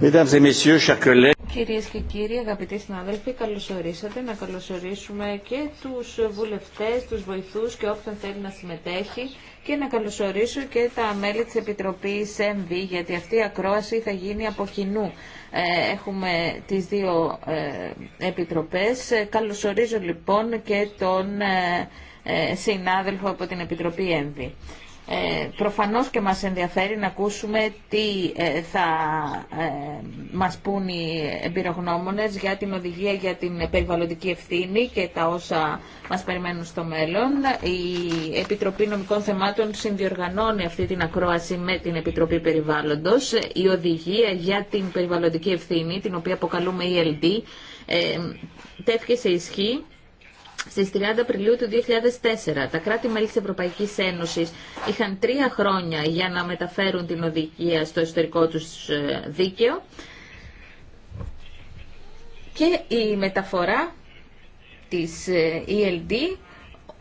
Κυρίες και κύριοι, αγαπητοί συνάδελφοι, καλωσορίσατε να καλωσορίσουμε και τους βουλευτές, τους βοηθούς και όποιον θέλει να συμμετέχει και να καλωσορίσω και τα μέλη της Επιτροπής ΕΜΒΗ γιατί αυτή η ακρόαση θα γίνει από κοινού. Ε, έχουμε τις δύο ε, επιτροπές. Ε, καλωσορίζω λοιπόν και τον συνάδελφο από την Επιτροπή ΕΜΒΗ. Ε, προφανώς και μας ενδιαφέρει να ακούσουμε τι ε, θα ε, μας πούν οι εμπειρογνώμονες για την οδηγία για την περιβαλλοντική ευθύνη και τα όσα μας περιμένουν στο μέλλον. Η Επιτροπή Νομικών Θεμάτων συνδιοργανώνει αυτή την ακρόαση με την Επιτροπή Περιβάλλοντος. Η οδηγία για την περιβαλλοντική ευθύνη, την οποία αποκαλούμε ELD, ε, τέθηκε σε ισχύ Στι 30 Απριλίου του 2004, τα κράτη-μέλη τη Ευρωπαϊκή Ένωση είχαν τρία χρόνια για να μεταφέρουν την οδηγία στο εσωτερικό τους ε, δίκαιο και η μεταφορά της ε, ELD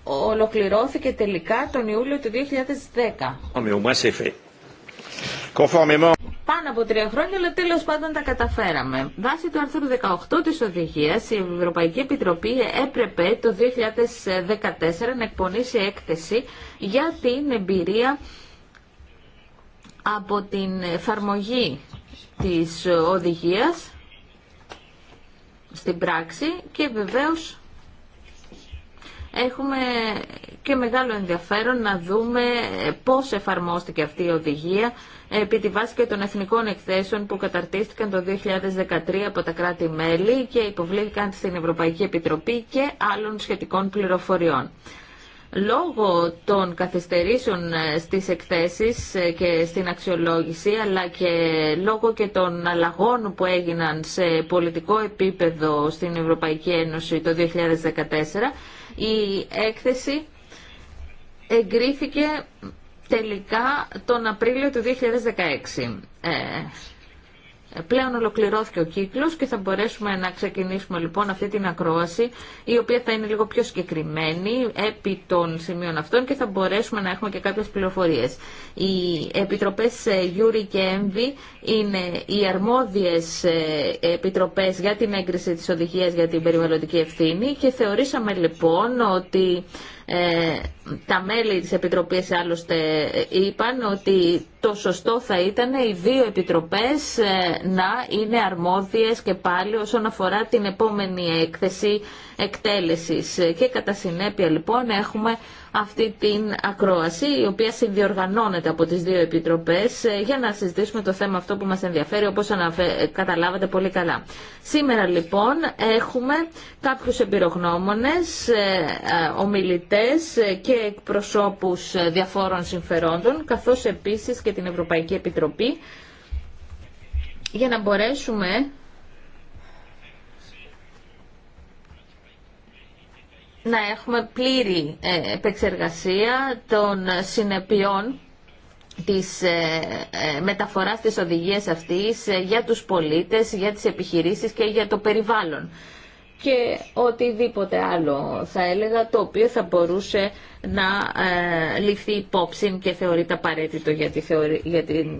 ολοκληρώθηκε τελικά τον Ιούλιο του 2010. Πάνω από τρία χρόνια, αλλά τέλο πάντων τα καταφέραμε. Βάσει του άρθρου 18 τη οδηγία, η Ευρωπαϊκή Επιτροπή έπρεπε το 2014 να εκπονήσει έκθεση για την εμπειρία από την εφαρμογή της οδηγίας στην πράξη και βεβαίως έχουμε και μεγάλο ενδιαφέρον να δούμε πώς εφαρμόστηκε αυτή η οδηγία επί τη βάση και των εθνικών εκθέσεων που καταρτίστηκαν το 2013 από τα κράτη-μέλη και υποβλήθηκαν στην Ευρωπαϊκή Επιτροπή και άλλων σχετικών πληροφοριών. Λόγω των καθυστερήσεων ε, στις εκθέσεις ε, και στην αξιολόγηση, αλλά και λόγω και των αλλαγών που έγιναν σε πολιτικό επίπεδο στην Ευρωπαϊκή Ένωση το 2014, η έκθεση εγκρίθηκε τελικά τον Απρίλιο του 2016. Πλέον ολοκληρώθηκε ο κύκλος και θα μπορέσουμε να ξεκινήσουμε λοιπόν αυτή την ακρόαση η οποία θα είναι λίγο πιο συγκεκριμένη επί των σημείων αυτών και θα μπορέσουμε να έχουμε και κάποιες πληροφορίες. Οι επιτροπές ε, Γιούρι και Έμβη είναι οι αρμόδιες ε, επιτροπές για την έγκριση της οδηγίας για την περιβαλλοντική ευθύνη και θεωρήσαμε λοιπόν ότι... Ε, τα μέλη της Επιτροπής άλλωστε είπαν ότι το σωστό θα ήταν οι δύο επιτροπές ε, να είναι αρμόδιες και πάλι όσον αφορά την επόμενη έκθεση εκτέλεσης. Και κατά συνέπεια λοιπόν έχουμε αυτή την ακρόαση η οποία συνδιοργανώνεται από τις δύο επιτροπές ε, για να συζητήσουμε το θέμα αυτό που μας ενδιαφέρει όπως αναφε... καταλάβατε πολύ καλά. Σήμερα λοιπόν έχουμε κάποιους εμπειρογνώμονες, ε, ομιλητές και εκπροσώπους ε, διαφόρων συμφερόντων, καθώς επίσης και την Ευρωπαϊκή Επιτροπή, για να μπορέσουμε να έχουμε πλήρη ε, επεξεργασία των συνεπειών της ε, μεταφοράς της οδηγίας αυτής για τους πολίτες, για τις επιχειρήσεις και για το περιβάλλον και οτιδήποτε άλλο θα έλεγα το οποίο θα μπορούσε να ε, ληφθεί υπόψη και θεωρείται απαραίτητο για, τη για την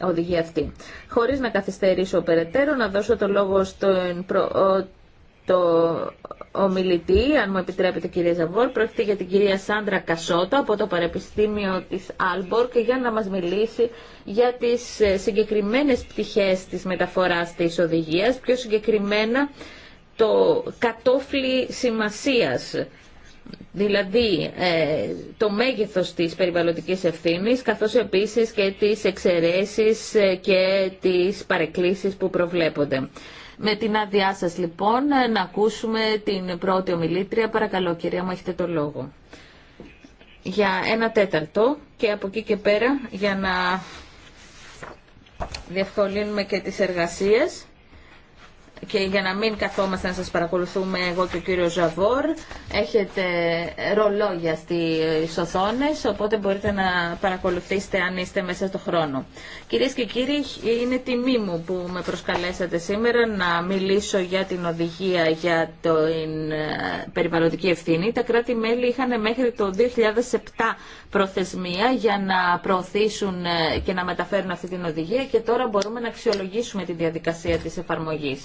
οδηγία αυτή. Χωρίς να καθυστερήσω περαιτέρω να δώσω το λόγο στον το ομιλητή, αν μου επιτρέπετε κυρία Ζαβόρ, πρόκειται για την κυρία Σάντρα Κασότα από το Παρεπιστήμιο της και για να μας μιλήσει για τις ε, συγκεκριμένες πτυχές της μεταφοράς της οδηγίας, πιο συγκεκριμένα το κατόφλι σημασίας δηλαδή ε, το μέγεθος της περιβαλλοντικής ευθύνης, καθώς επίσης και τις εξαιρέσεις ε, και τις παρεκκλήσεις που προβλέπονται. Με την άδειά σας λοιπόν ε, να ακούσουμε την πρώτη ομιλήτρια. Παρακαλώ κυρία μου έχετε το λόγο. Για ένα τέταρτο και από εκεί και πέρα για να διευκολύνουμε και τις εργασίες και για να μην καθόμαστε να σας παρακολουθούμε εγώ και ο κύριος Ζαβόρ, έχετε ρολόγια στις οθόνες, οπότε μπορείτε να παρακολουθήσετε αν είστε μέσα στο χρόνο. Κυρίες και κύριοι, είναι τιμή μου που με προσκαλέσατε σήμερα να μιλήσω για την οδηγία για την ε, περιβαλλοντική ευθύνη. Τα κράτη-μέλη είχαν μέχρι το 2007 προθεσμία για να προωθήσουν ε, και να μεταφέρουν αυτή την οδηγία και τώρα μπορούμε να αξιολογήσουμε τη διαδικασία της εφαρμογής.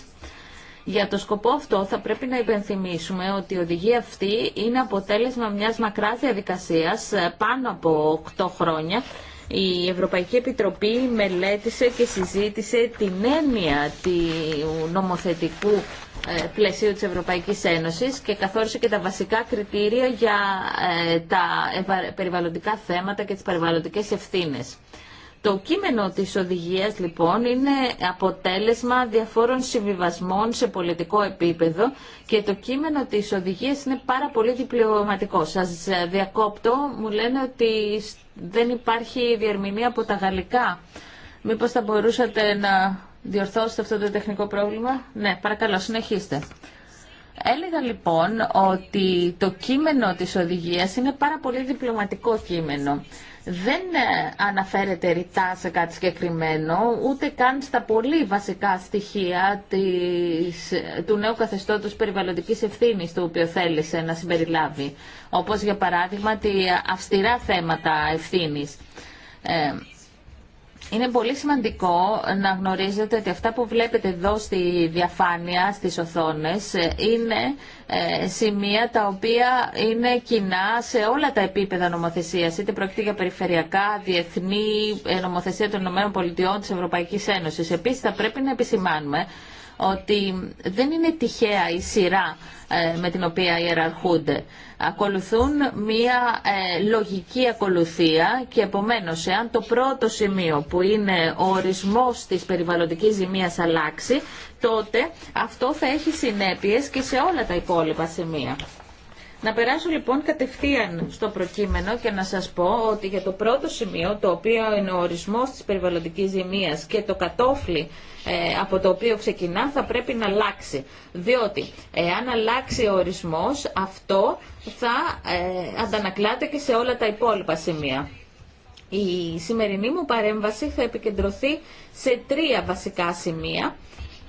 Για το σκοπό αυτό θα πρέπει να υπενθυμίσουμε ότι η οδηγία αυτή είναι αποτέλεσμα μιας μακράς διαδικασίας ε, πάνω από 8 χρόνια. Η Ευρωπαϊκή Επιτροπή μελέτησε και συζήτησε την έννοια του νομοθετικού ε, πλαισίου της Ευρωπαϊκής Ένωσης και καθόρισε και τα βασικά κριτήρια για ε, τα περιβαλλοντικά θέματα και τις περιβαλλοντικές ευθύνες. Το κείμενο της οδηγίας λοιπόν είναι αποτέλεσμα διαφόρων συμβιβασμών σε πολιτικό επίπεδο και το κείμενο της οδηγίας είναι πάρα πολύ διπλωματικό. Σας διακόπτω, μου λένε ότι δεν υπάρχει διερμηνία από τα γαλλικά. Μήπως θα μπορούσατε να διορθώσετε αυτό το τεχνικό πρόβλημα. Ναι, παρακαλώ, συνεχίστε. Έλεγα λοιπόν ότι το κείμενο της οδηγίας είναι πάρα πολύ διπλωματικό κείμενο. Δεν ε, αναφέρεται ρητά σε κάτι συγκεκριμένο, ούτε καν στα πολύ βασικά στοιχεία της, του νέου καθεστώτος περιβαλλοντικής ευθύνης του οποίο θέλησε να συμπεριλάβει. Όπως για παράδειγμα τη αυστηρά θέματα ευθύνης. Ε, είναι πολύ σημαντικό να γνωρίζετε ότι αυτά που βλέπετε εδώ στη διαφάνεια, στις οθόνες, είναι ε, σημεία τα οποία είναι κοινά σε όλα τα επίπεδα νομοθεσίας, είτε πρόκειται για περιφερειακά, διεθνή ε, νομοθεσία των ΗΠΑ, της Ευρωπαϊκής Ένωσης. Επίσης, θα πρέπει να επισημάνουμε ότι δεν είναι τυχαία η σειρά ε, με την οποία ιεραρχούνται. Ακολουθούν μία ε, λογική ακολουθία και επομένως εάν το πρώτο σημείο που είναι ο ορισμός της περιβαλλοντικής ζημίας αλλάξει, τότε αυτό θα έχει συνέπειες και σε όλα τα υπόλοιπα σημεία. Να περάσω λοιπόν κατευθείαν στο προκείμενο και να σας πω ότι για το πρώτο σημείο, το οποίο είναι ο ορισμός της περιβαλλοντικής ζημίας και το κατόφλι ε, από το οποίο ξεκινά θα πρέπει να αλλάξει. Διότι εάν αλλάξει ο ορισμός, αυτό θα ε, αντανακλάται και σε όλα τα υπόλοιπα σημεία. Η σημερινή μου παρέμβαση θα επικεντρωθεί σε τρία βασικά σημεία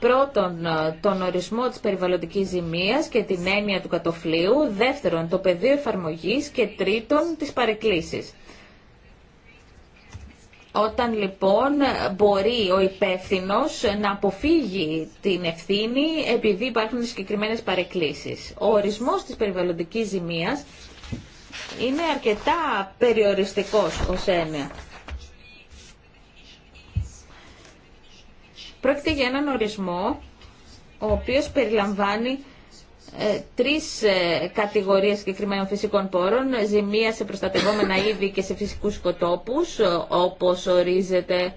Πρώτον, ε, τον ορισμό της περιβαλλοντικής ζημίας και την έννοια του κατοφλίου. Δεύτερον, το πεδίο εφαρμογής και τρίτον, τις παρεκκλήσεις. Όταν λοιπόν μπορεί ο υπεύθυνο να αποφύγει την ευθύνη επειδή υπάρχουν συγκεκριμένες παρεκκλήσει. Ο ορισμός της περιβαλλοντικής ζημίας είναι αρκετά περιοριστικός ω έννοια. Πρόκειται για έναν ορισμό ο οποίος περιλαμβάνει ε, τρεις ε, κατηγορίες συγκεκριμένων φυσικών πόρων, ζημία σε προστατευόμενα είδη και σε φυσικούς σκοτόπους, ε, όπως ορίζεται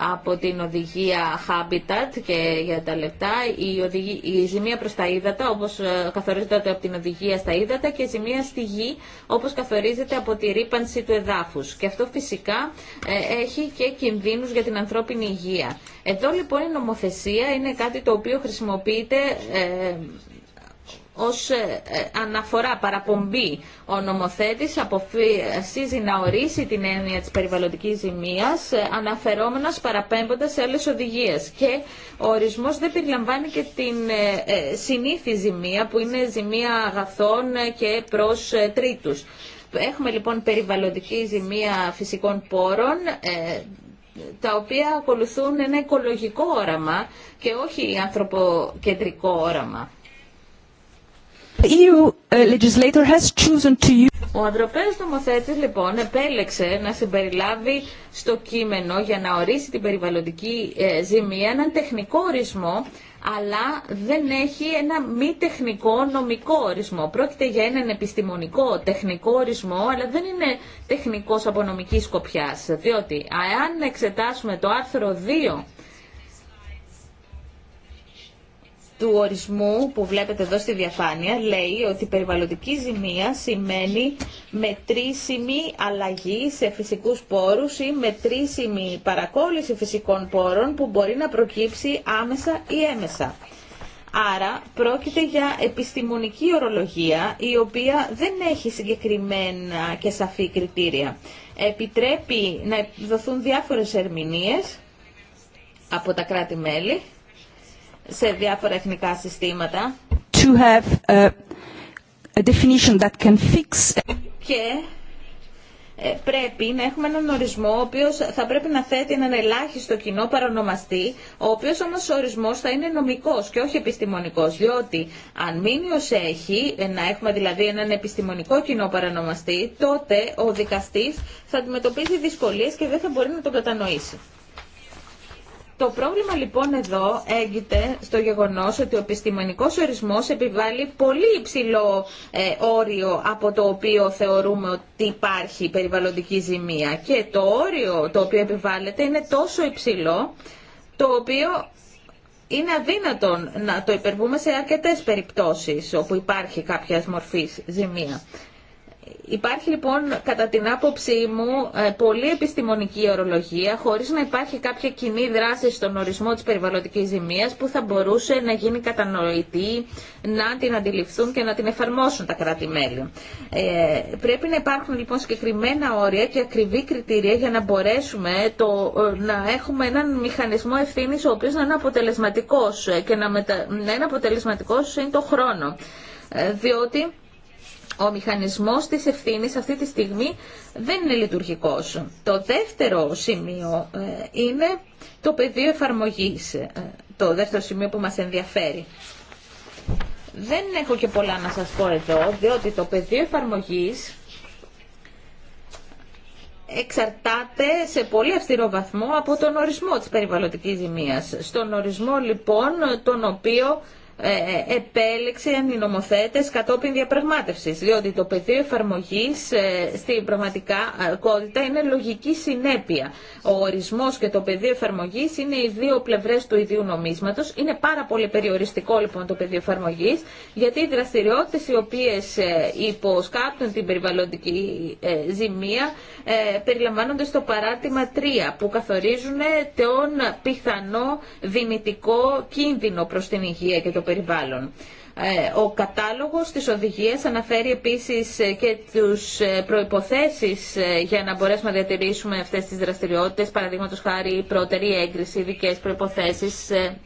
από την οδηγία Habitat και για τα λεπτά, η, οδηγία, η ζημία προς τα ύδατα όπως ε, καθορίζεται από την οδηγία στα ύδατα και η ζημία στη γη όπως καθορίζεται από τη ρήπανση του εδάφους. Και αυτό φυσικά ε, έχει και κινδύνους για την ανθρώπινη υγεία. Εδώ λοιπόν η νομοθεσία είναι κάτι το οποίο χρησιμοποιείται ε, ως ε, ε, αναφορά παραπομπή ο νομοθέτης αποφασίζει να ορίσει την έννοια της περιβαλλοντικής ζημίας ε, αναφερόμενος παραπέμποντας σε άλλες οδηγίες και ο ορισμός δεν περιλαμβάνει και την συνήθη ζημία που είναι ζημία αγαθών και προς τρίτους. Έχουμε λοιπόν περιβαλλοντική ζημία φυσικών πόρων τα οποία ακολουθούν ένα οικολογικό όραμα και όχι ανθρωποκεντρικό όραμα. E uh, Ο Ευρωπαίος νομοθέτης λοιπόν επέλεξε να συμπεριλάβει στο κείμενο για να ορίσει την περιβαλλοντική ε, ζημία έναν τεχνικό ορισμό αλλά δεν έχει ένα μη τεχνικό νομικό ορισμό. Πρόκειται για έναν επιστημονικό τεχνικό ορισμό, αλλά δεν είναι τεχνικός από νομική σκοπιάς, διότι αν εξετάσουμε το άρθρο 2 του ορισμού που βλέπετε εδώ στη διαφάνεια λέει ότι η περιβαλλοντική ζημία σημαίνει μετρήσιμη αλλαγή σε φυσικούς πόρους ή μετρήσιμη παρακόλληση φυσικών πόρων που μπορεί να προκύψει άμεσα ή έμεσα. Άρα πρόκειται για επιστημονική ορολογία η οποία δεν έχει συγκεκριμένα και σαφή κριτήρια. Επιτρέπει να δοθούν διάφορες ερμηνείες από τα κράτη-μέλη σε διάφορα εθνικά συστήματα. To have a, definition that can fix... Και ε, πρέπει να έχουμε έναν ορισμό ο οποίος θα πρέπει να θέτει έναν ελάχιστο κοινό παρανομαστή ο οποίος όμως ο ορισμός θα είναι νομικός και όχι επιστημονικός, διότι αν μείνει ως έχει, ε, να έχουμε δηλαδή έναν επιστημονικό κοινό παρανομαστή τότε ο δικαστής θα αντιμετωπίζει δυσκολίες και δεν θα μπορεί να τον κατανοήσει. Το πρόβλημα λοιπόν εδώ έγκυται στο γεγονός ότι ο επιστημονικός ορισμός επιβάλλει πολύ υψηλό ε, όριο από το οποίο θεωρούμε ότι υπάρχει περιβαλλοντική ζημία και το όριο το οποίο επιβάλλεται είναι τόσο υψηλό το οποίο είναι αδύνατο να το υπερβούμε σε αρκετές περιπτώσεις όπου υπάρχει κάποια μορφή ζημία. Υπάρχει λοιπόν κατά την άποψή μου ε, πολύ επιστημονική ορολογία χωρίς να υπάρχει κάποια κοινή δράση στον ορισμό της περιβαλλοντικής ζημίας που θα μπορούσε να γίνει κατανοητή, να την αντιληφθούν και να την εφαρμόσουν τα κράτη-μέλη. Ε, πρέπει να υπάρχουν λοιπόν συγκεκριμένα όρια και ακριβή κριτήρια για να μπορέσουμε το, ε, να έχουμε έναν μηχανισμό ευθύνη ο οποίος να είναι αποτελεσματικός ε, και να, μετα... να είναι αποτελεσματικός είναι το χρόνο. διότι ο μηχανισμός της ευθύνης αυτή τη στιγμή δεν είναι λειτουργικός. Το δεύτερο σημείο ε, είναι το πεδίο εφαρμογής, ε, το δεύτερο σημείο που μας ενδιαφέρει. Δεν έχω και πολλά να σας πω εδώ, διότι το πεδίο εφαρμογής εξαρτάται σε πολύ αυστηρό βαθμό από τον ορισμό της περιβαλλοντικής ζημίας. Στον ορισμό λοιπόν τον οποίο ε, ε, επέλεξε οι κατόπιν διαπραγμάτευση. διότι το πεδίο εφαρμογής ε, στην πραγματικότητα είναι λογική συνέπεια. Ο ορισμό και το πεδίο εφαρμογή είναι οι δύο πλευρέ του ιδίου νομίσματος. Είναι πάρα πολύ περιοριστικό λοιπόν το πεδίο εφαρμογή γιατί οι δραστηριότητε οι οποίες υποσκάπτουν την περιβαλλοντική ζημία περιλαμβάνονται στο παράρτημα 3, που καθορίζουν τον πιθανό δυνητικό κίνδυνο προ την υγεία και το περιβάλλον. Ε, ο κατάλογος της οδηγίας αναφέρει επίσης ε, και τους ε, προϋποθέσεις για να μπορέσουμε να διατηρήσουμε αυτές τις δραστηριότητες, παραδείγματο χάρη πρώτερη έγκριση, ειδικέ προϋποθέσεις,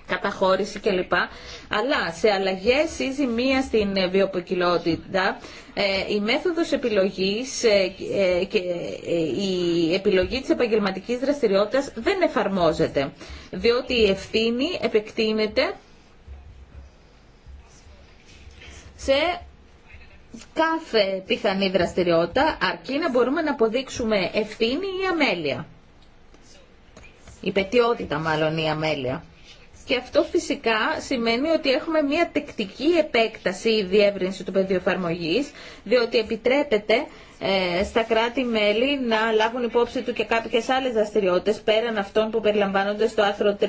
καταχώρηση κλπ. Αλλά σε αλλαγές ή ζημία στην βιοποικιλότητα η μέθοδος επιλογής και η επιλογή της επαγγελματικής δραστηριότητας δεν εφαρμόζεται, διότι η ευθύνη επεκτείνεται σε κάθε πιθανή δραστηριότητα, αρκεί να μπορούμε να αποδείξουμε ευθύνη ή αμέλεια. Η πετιότητα μάλλον ή αμέλεια. Και αυτό φυσικά σημαίνει ότι έχουμε μια τεκτική επέκταση ή διεύρυνση του πεδίου εφαρμογή, διότι επιτρέπεται ε, στα κράτη-μέλη να λάβουν υπόψη του και κάποιε άλλε δραστηριότητε πέραν αυτών που περιλαμβάνονται στο άρθρο 3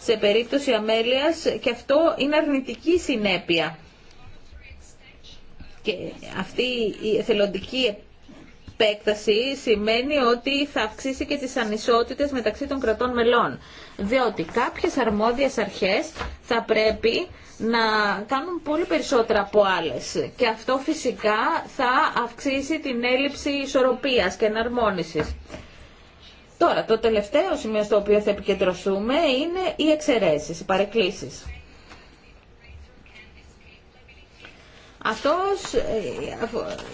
σε περίπτωση αμέλεια και αυτό είναι αρνητική συνέπεια και αυτή η εθελοντική επέκταση σημαίνει ότι θα αυξήσει και τις ανισότητες μεταξύ των κρατών μελών. Διότι κάποιες αρμόδιες αρχές θα πρέπει να κάνουν πολύ περισσότερα από άλλες. Και αυτό φυσικά θα αυξήσει την έλλειψη ισορροπίας και εναρμόνισης. Τώρα, το τελευταίο σημείο στο οποίο θα επικεντρωθούμε είναι οι εξαιρέσεις, οι παρεκκλήσεις. Αυτός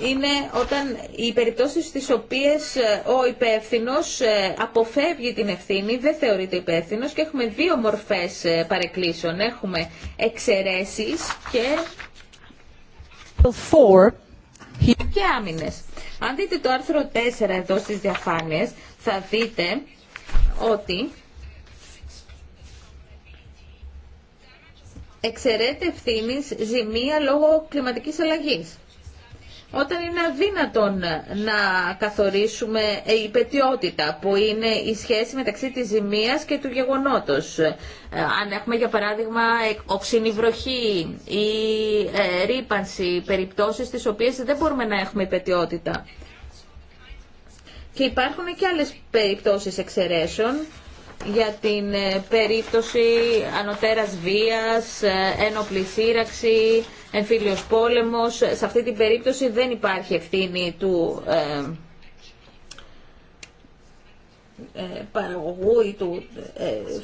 ε, είναι όταν οι περιπτώσεις στις οποίες ε, ο υπεύθυνο ε, αποφεύγει την ευθύνη, δεν θεωρείται υπεύθυνο και έχουμε δύο μορφές παρεκκλήσεων. Έχουμε εξαιρέσεις και... και άμυνες. Αν δείτε το άρθρο 4 εδώ στις διαφάνειες, θα δείτε ότι εξαιρέται ευθύνη ζημία λόγω κλιματικής αλλαγής. Όταν είναι αδύνατον να καθορίσουμε ε, η πετιότητα που είναι η σχέση μεταξύ της ζημίας και του γεγονότος. Ε, αν έχουμε για παράδειγμα οξύνη ή ε, ρήπανση, περιπτώσεις τις οποίες δεν μπορούμε να έχουμε πετιότητα. Και υπάρχουν και άλλες περιπτώσεις εξαιρέσεων για την ε, περίπτωση ανωτέρας βίας, ε, ένοπλη σύραξη, εμφύλιος πόλεμος. Σε αυτή την περίπτωση δεν υπάρχει ευθύνη του ε, ε παραγωγού ή του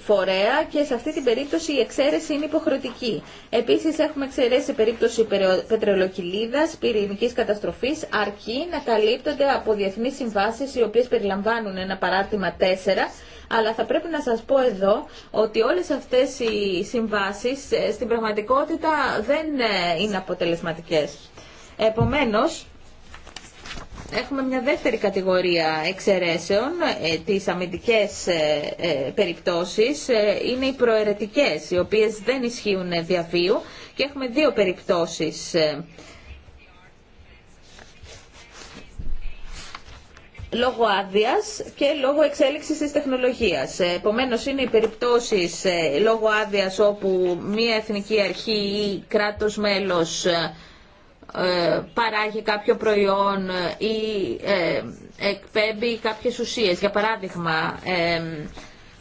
φορέα και σε αυτή την περίπτωση η εξαίρεση είναι υποχρεωτική. Επίσης έχουμε εξαιρέσει σε περίπτωση πετρελοκυλίδας, πυρηνικής καταστροφής, αρκεί να καλύπτονται από διεθνείς συμβάσεις οι οποίες περιλαμβάνουν ένα παράρτημα 4 αλλά θα πρέπει να σας πω εδώ ότι όλες αυτές οι συμβάσεις ε, στην πραγματικότητα δεν ε, είναι αποτελεσματικές. Επομένως, Έχουμε μια δεύτερη κατηγορία εξαιρέσεων, ε, τις αμυντικές περιπτώσεις, είναι οι προαιρετικές, οι οποίες δεν ισχύουν διαβίου και έχουμε δύο περιπτώσεις λόγω άδεια και λόγω εξέλιξη της τεχνολογίας. Ε, Επομένω, είναι οι περιπτώσει ε, λόγω άδεια όπου μια εθνική αρχή ή κράτος μέλος ε, παράγει κάποιο προϊόν ή εκπέμπει κάποιες ουσίες. Για παράδειγμα,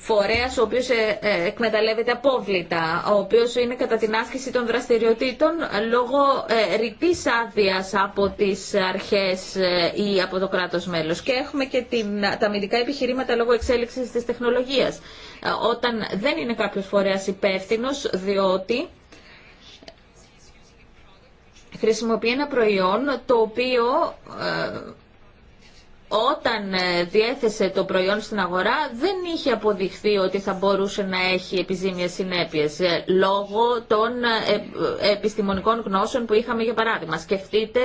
φορέα, ο οποίος ε, ε, εκμεταλλεύεται απόβλητα, ο οποίος είναι κατά την άσκηση των δραστηριοτήτων λόγω ε, ρητή άδεια από τις αρχές ή από το κράτος μέλος. Και έχουμε και την, τα αμυντικά επιχειρήματα λόγω εξέλιξης της τεχνολογίας. Όταν δεν είναι κάποιο φορέας υπεύθυνο, διότι χρησιμοποιεί ένα προϊόν το οποίο όταν ε, διέθεσε το προϊόν στην αγορά δεν είχε αποδειχθεί ότι θα μπορούσε να έχει επιζήμιες συνέπειες ε, λόγω των ε, επιστημονικών γνώσεων που είχαμε για παράδειγμα. Σκεφτείτε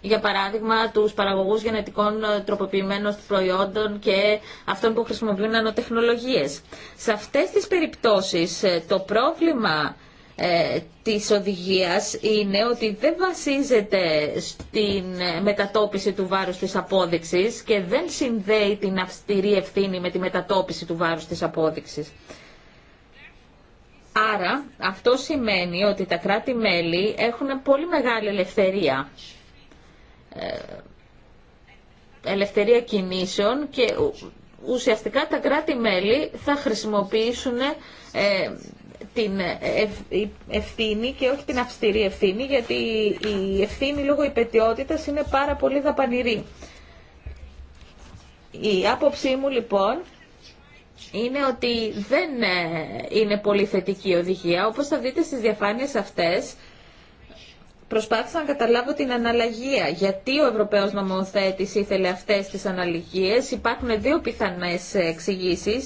για παράδειγμα τους παραγωγούς γενετικών τροποποιημένων προϊόντων και αυτών που χρησιμοποιούν νανοτεχνολογίες. Σε αυτές τις περιπτώσεις το πρόβλημα ε, της οδηγίας είναι ότι δεν βασίζεται στην ε, μετατόπιση του βάρους της απόδειξης και δεν συνδέει την αυστηρή ευθύνη με τη μετατόπιση του βάρους της απόδειξης. Άρα αυτό σημαίνει ότι τα κράτη-μέλη έχουν πολύ μεγάλη ελευθερία ε, ελευθερία κινήσεων και ουσιαστικά τα κράτη-μέλη θα χρησιμοποιήσουν την ευθύνη και όχι την αυστηρή ευθύνη, γιατί η ευθύνη λόγω υπετιότητας είναι πάρα πολύ δαπανηρή. Η άποψή μου λοιπόν είναι ότι δεν ε, είναι πολύ θετική η οδηγία. Όπως θα δείτε στις διαφάνειες αυτές, προσπάθησα να καταλάβω την αναλλαγία. Γιατί ο Ευρωπαίος νομοθέτης ήθελε αυτές τις αναλλαγίες. Υπάρχουν δύο πιθανές εξηγήσει.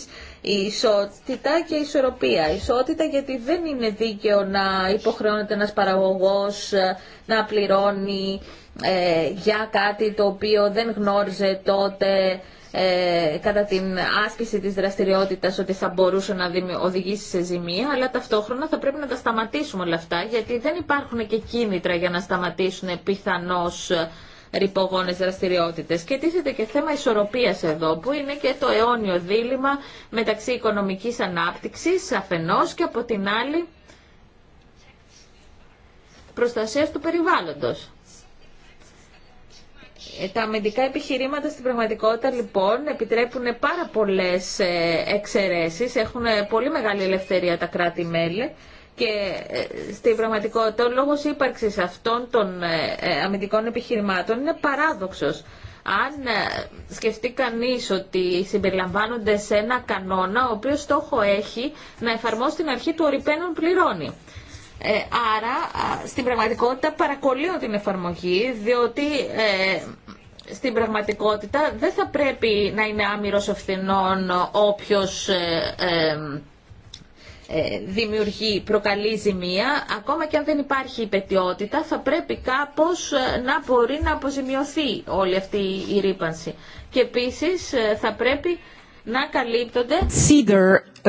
Η ισότητα και η ισορροπία. Η ισότητα γιατί δεν είναι δίκαιο να υποχρεώνεται ένας παραγωγός ε, να πληρώνει ε, για κάτι το οποίο δεν γνώριζε τότε ε, κατά την άσκηση της δραστηριότητας ότι θα μπορούσε να οδηγήσει σε ζημία, αλλά ταυτόχρονα θα πρέπει να τα σταματήσουμε όλα αυτά, γιατί δεν υπάρχουν και κίνητρα για να σταματήσουν πιθανώς ρηπογόνε δραστηριότητε. Και τίθεται και θέμα ισορροπίας εδώ που είναι και το αιώνιο δίλημα μεταξύ οικονομικής ανάπτυξης αφενός και από την άλλη προστασίας του περιβάλλοντος. Ε, τα αμυντικά επιχειρήματα στην πραγματικότητα λοιπόν επιτρέπουν πάρα πολλές ε, εξαιρέσεις, έχουν ε, πολύ μεγάλη ελευθερία τα κράτη-μέλη και ε, στην πραγματικότητα ο λόγος ύπαρξης αυτών των ε, ε, αμυντικών επιχειρημάτων είναι παράδοξος. Αν σκεφτεί κανείς ότι συμπεριλαμβάνονται σε ένα κανόνα ο οποίος στόχο έχει να εφαρμόσει την αρχή του ορυπαίνων πληρώνει. άρα στην πραγματικότητα παρακολύω την εφαρμογή διότι στην πραγματικότητα δεν θα πρέπει να είναι άμυρος ευθυνών όποιος ε, δημιουργεί, προκαλεί ζημία, ακόμα και αν δεν υπάρχει υπετιότητα, θα πρέπει κάπως ε, να μπορεί να αποζημιωθεί όλη αυτή η ρήπανση. Και επίσης ε, θα πρέπει να καλύπτονται Cedar,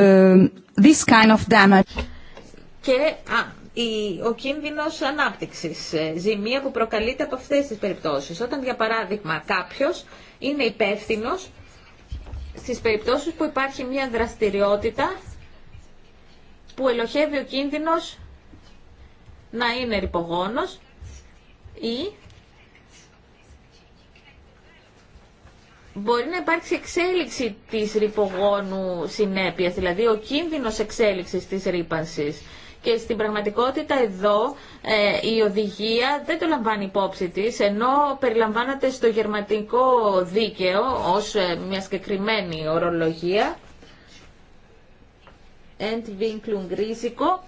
this kind of damage. και η, ο κίνδυνος ανάπτυξης, ζημία που προκαλείται από αυτές τις περιπτώσεις. Όταν για παράδειγμα κάποιος είναι υπεύθυνο στις περιπτώσεις που υπάρχει μια δραστηριότητα που ελοχεύει ο κίνδυνος να είναι ρηπογόνος ή μπορεί να υπάρξει εξέλιξη της ρηπογόνου συνέπειας, δηλαδή ο κίνδυνος εξέλιξης της ρήπανσης. Και στην πραγματικότητα εδώ ε, η οδηγία δεν το λαμβάνει υπόψη της, ενώ περιλαμβάνεται στο γερματικό δίκαιο ως ε, μια συγκεκριμένη ορολογία Entwicklung Risiko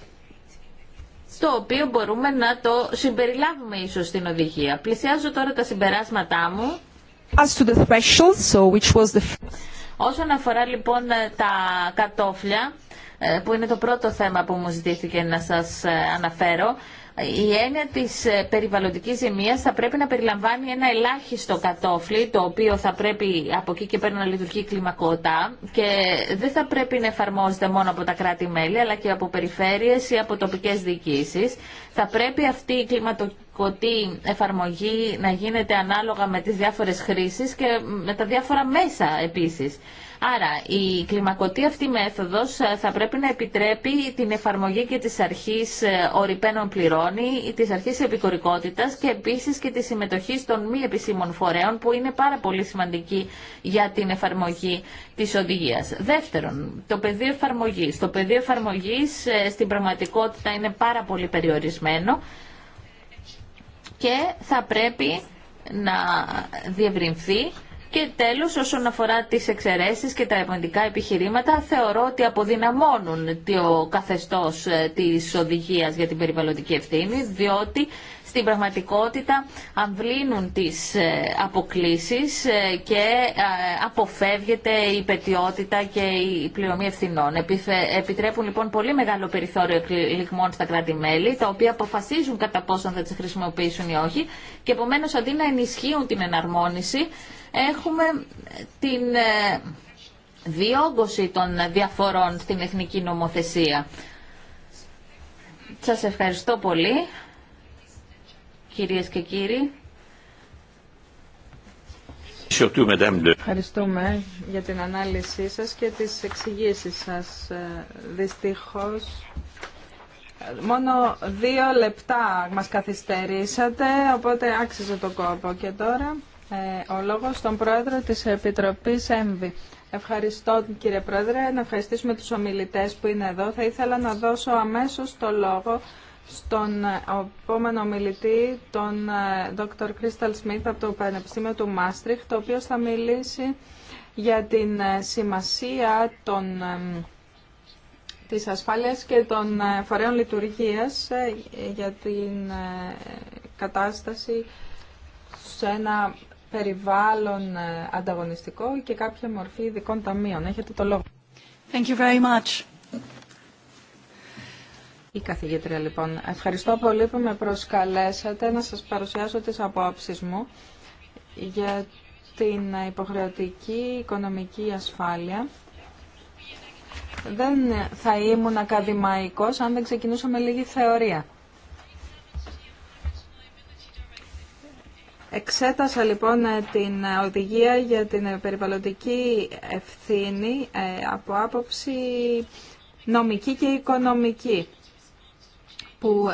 στο οποίο μπορούμε να το συμπεριλάβουμε ίσως στην οδηγία. Πλησιάζω τώρα τα συμπεράσματά μου. Όσον αφορά λοιπόν ε, τα κατόφλια, ε, που είναι το πρώτο θέμα που μου ζητήθηκε να σας ε, αναφέρω, η έννοια της ε, περιβαλλοντικής ζημίας θα πρέπει να περιλαμβάνει ένα ελάχιστο κατόφλι, το οποίο θα πρέπει από εκεί και πέρα να λειτουργεί κλιμακότα και δεν θα πρέπει να εφαρμόζεται μόνο από τα κράτη-μέλη, αλλά και από περιφέρειες ή από τοπικές διοικήσεις. Θα πρέπει αυτή η κλιματοκοτή εφαρμογή να γίνεται ανάλογα με τις διάφορες χρήσεις και με τα διάφορα μέσα επίσης. Άρα η κλιμακωτή αυτή μέθοδος ε, θα πρέπει να επιτρέπει την εφαρμογή και της αρχής ε, ορυπαίνων πληρώνει, της αρχής επικορικότητας και επίσης και τη συμμετοχή των μη επισήμων φορέων που είναι πάρα πολύ σημαντική για την εφαρμογή της οδηγία. Δεύτερον, το πεδίο εφαρμογής. Το πεδίο εφαρμογής ε, στην πραγματικότητα είναι πάρα πολύ περιορισμένο και θα πρέπει να διευρυνθεί και τέλος, όσον αφορά τις εξαιρέσεις και τα επενδυτικά επιχειρήματα, θεωρώ ότι αποδυναμώνουν το καθεστώς ε, της οδηγίας για την περιβαλλοντική ευθύνη, διότι στην πραγματικότητα αμβλύνουν τις ε, αποκλίσεις ε, και αποφεύγεται η πετιότητα και η πληρωμή ευθυνών. Επιτρέπουν λοιπόν πολύ μεγάλο περιθώριο λιγμών στα κράτη-μέλη, τα οποία αποφασίζουν κατά πόσον θα τις χρησιμοποιήσουν ή όχι και επομένως αντί να ενισχύουν την εναρμόνιση, έχουμε την ε, διόγκωση των διαφορών στην εθνική νομοθεσία. Σας ευχαριστώ πολύ, κυρίες και κύριοι. Ευχαριστούμε για την ανάλυση σας και τις εξηγήσεις σας. Ε, δυστυχώς, μόνο δύο λεπτά μας καθυστερήσατε, οπότε άξιζε το κόπο. Και τώρα... Ε, ο λόγος στον Πρόεδρο της Επιτροπής ΕΜΒΗ. Ευχαριστώ κύριε Πρόεδρε, να ευχαριστήσουμε τους ομιλητές που είναι εδώ. Θα ήθελα να δώσω αμέσως το λόγο στον επόμενο ομιλητή, τον Dr. Crystal Smith από το Πανεπιστήμιο του Μάστριχ, το οποίο θα μιλήσει για την ε, σημασία των, ε, της ασφάλειας και των φορέων λειτουργίας για την κατάσταση σε ένα περιβάλλον ε, ανταγωνιστικό και κάποια μορφή ειδικών ταμείων. Έχετε το λόγο. Thank you very much. Η καθηγήτρια λοιπόν. Ευχαριστώ πολύ που με προσκαλέσατε να σας παρουσιάσω τις απόψεις μου για την υποχρεωτική οικονομική ασφάλεια. Δεν θα ήμουν ακαδημαϊκός αν δεν ξεκινούσαμε λίγη θεωρία. Εξέτασα λοιπόν ε, την ε, οδηγία για την ε, περιβαλλοντική ευθύνη από άποψη νομική και οικονομική που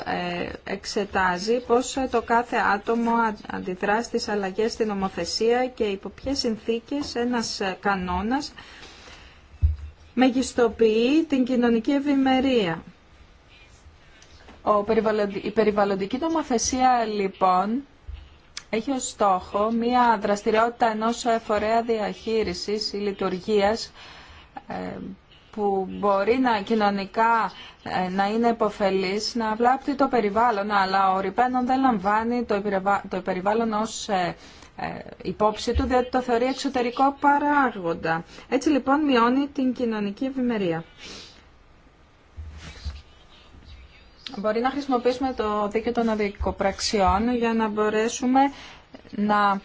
εξετάζει πώς το κάθε άτομο αντιδρά στις αλλαγές στην νομοθεσία και υπό ποιες συνθήκες ένας κανόνας μεγιστοποιεί την κοινωνική ευημερία. Ο περιβαλλον, Η περιβαλλοντική νομοθεσία λοιπόν έχει ως στόχο μία δραστηριότητα ενός εφορεία διαχείρισης ή λειτουργίας ε, που μπορεί να κοινωνικά ε, να είναι υποφελής να βλάπτει το περιβάλλον, αλλά ο Ριπένον δεν λαμβάνει το περιβάλλον ως ε, υπόψη του, διότι το θεωρεί εξωτερικό παράγοντα. Έτσι λοιπόν μειώνει την κοινωνική ευημερία. Μπορεί να χρησιμοποιήσουμε το δίκαιο των αδικοπραξιών για να μπορέσουμε να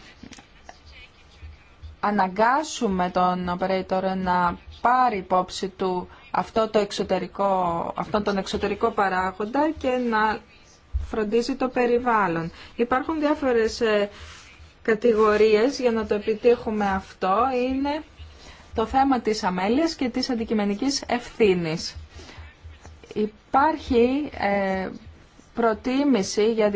αναγκάσουμε τον operator να πάρει υπόψη του αυτό το εξωτερικό, αυτόν τον εξωτερικό παράγοντα και να φροντίζει το περιβάλλον. Υπάρχουν διάφορες ε, κατηγορίες για να το επιτύχουμε αυτό. Είναι το θέμα της αμέλειας και της αντικειμενικής ευθύνης. Υπάρχει ε, προτίμηση για,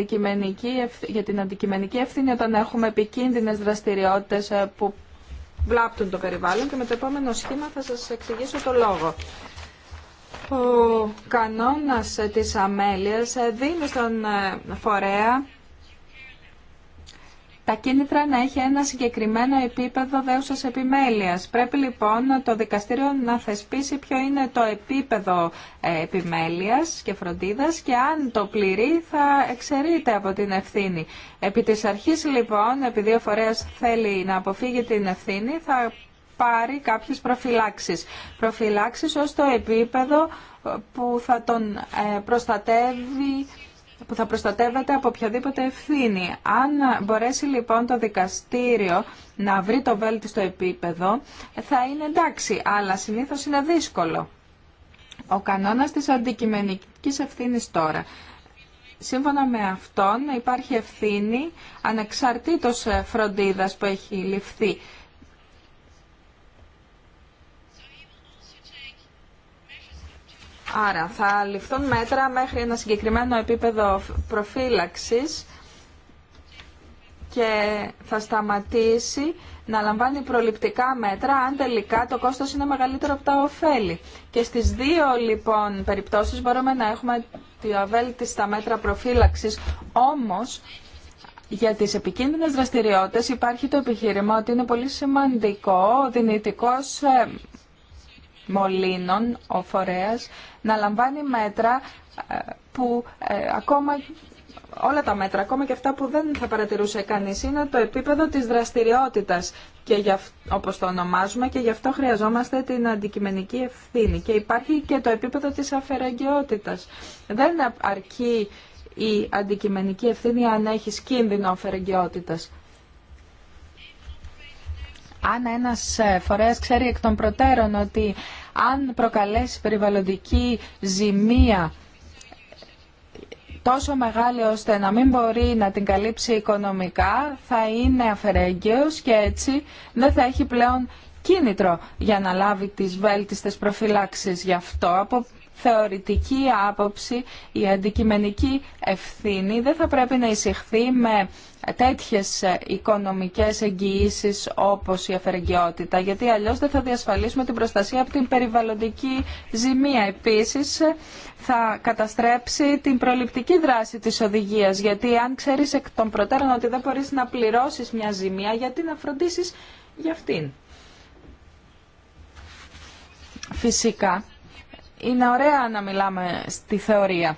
για την αντικειμενική ευθύνη όταν έχουμε επικίνδυνες δραστηριότητες ε, που βλάπτουν το περιβάλλον και με το επόμενο σχήμα θα σας εξηγήσω το λόγο. Ο κανόνας ε, της αμέλειας δίνει στον φορέα τα κίνητρα να έχει ένα συγκεκριμένο επίπεδο δέουσας επιμέλειας. Πρέπει λοιπόν το δικαστήριο να θεσπίσει ποιο είναι το επίπεδο ε, επιμέλειας και φροντίδας και αν το πληρεί θα εξαιρείται από την ευθύνη. Επί της αρχής λοιπόν, επειδή ο φορέας θέλει να αποφύγει την ευθύνη, θα πάρει κάποιες προφυλάξεις. Προφυλάξεις ως το επίπεδο που θα τον ε, προστατεύει που θα προστατεύεται από οποιαδήποτε ευθύνη. Αν μπορέσει λοιπόν το δικαστήριο να βρει το βέλτιστο επίπεδο, θα είναι εντάξει, αλλά συνήθως είναι δύσκολο. Ο κανόνας της αντικειμενικής ευθύνης τώρα. Σύμφωνα με αυτόν υπάρχει ευθύνη ανεξαρτήτως ε, φροντίδας που έχει ληφθεί. Άρα θα ληφθούν μέτρα μέχρι ένα συγκεκριμένο επίπεδο προφύλαξης και θα σταματήσει να λαμβάνει προληπτικά μέτρα αν τελικά το κόστος είναι μεγαλύτερο από τα ωφέλη. Και στις δύο λοιπόν περιπτώσεις μπορούμε να έχουμε τη αβέλτιστα μέτρα προφύλαξης, όμως για τις επικίνδυνες δραστηριότητες υπάρχει το επιχείρημα ότι είναι πολύ σημαντικό ο δυνητικός ε, μολύνων, ο φορέας, να λαμβάνει μέτρα ε, που ε, ακόμα όλα τα μέτρα, ακόμα και αυτά που δεν θα παρατηρούσε κανείς, είναι το επίπεδο της δραστηριότητας, και για, όπως το ονομάζουμε, και γι' αυτό χρειαζόμαστε την αντικειμενική ευθύνη. Και υπάρχει και το επίπεδο της αφαιρεγγιότητας. Δεν αρκεί η αντικειμενική ευθύνη αν έχει κίνδυνο αφαιρεγγιότητας. Αν ένας ε, φορέας ξέρει εκ των προτέρων ότι αν προκαλέσει περιβαλλοντική ζημία τόσο μεγάλη ώστε να μην μπορεί να την καλύψει οικονομικά, θα είναι αφαιρέγγιος και έτσι δεν θα έχει πλέον κίνητρο για να λάβει τις βέλτιστες προφυλάξεις. Γι' αυτό από θεωρητική άποψη η αντικειμενική ευθύνη δεν θα πρέπει να εισηχθεί με τέτοιες οικονομικές εγγυήσει όπως η αφαιρεγγιότητα γιατί αλλιώς δεν θα διασφαλίσουμε την προστασία από την περιβαλλοντική ζημία. Επίσης θα καταστρέψει την προληπτική δράση της οδηγίας γιατί αν ξέρεις εκ των προτέρων ότι δεν μπορείς να πληρώσεις μια ζημία γιατί να φροντίσεις για αυτήν. Φυσικά είναι ωραία να μιλάμε στη θεωρία.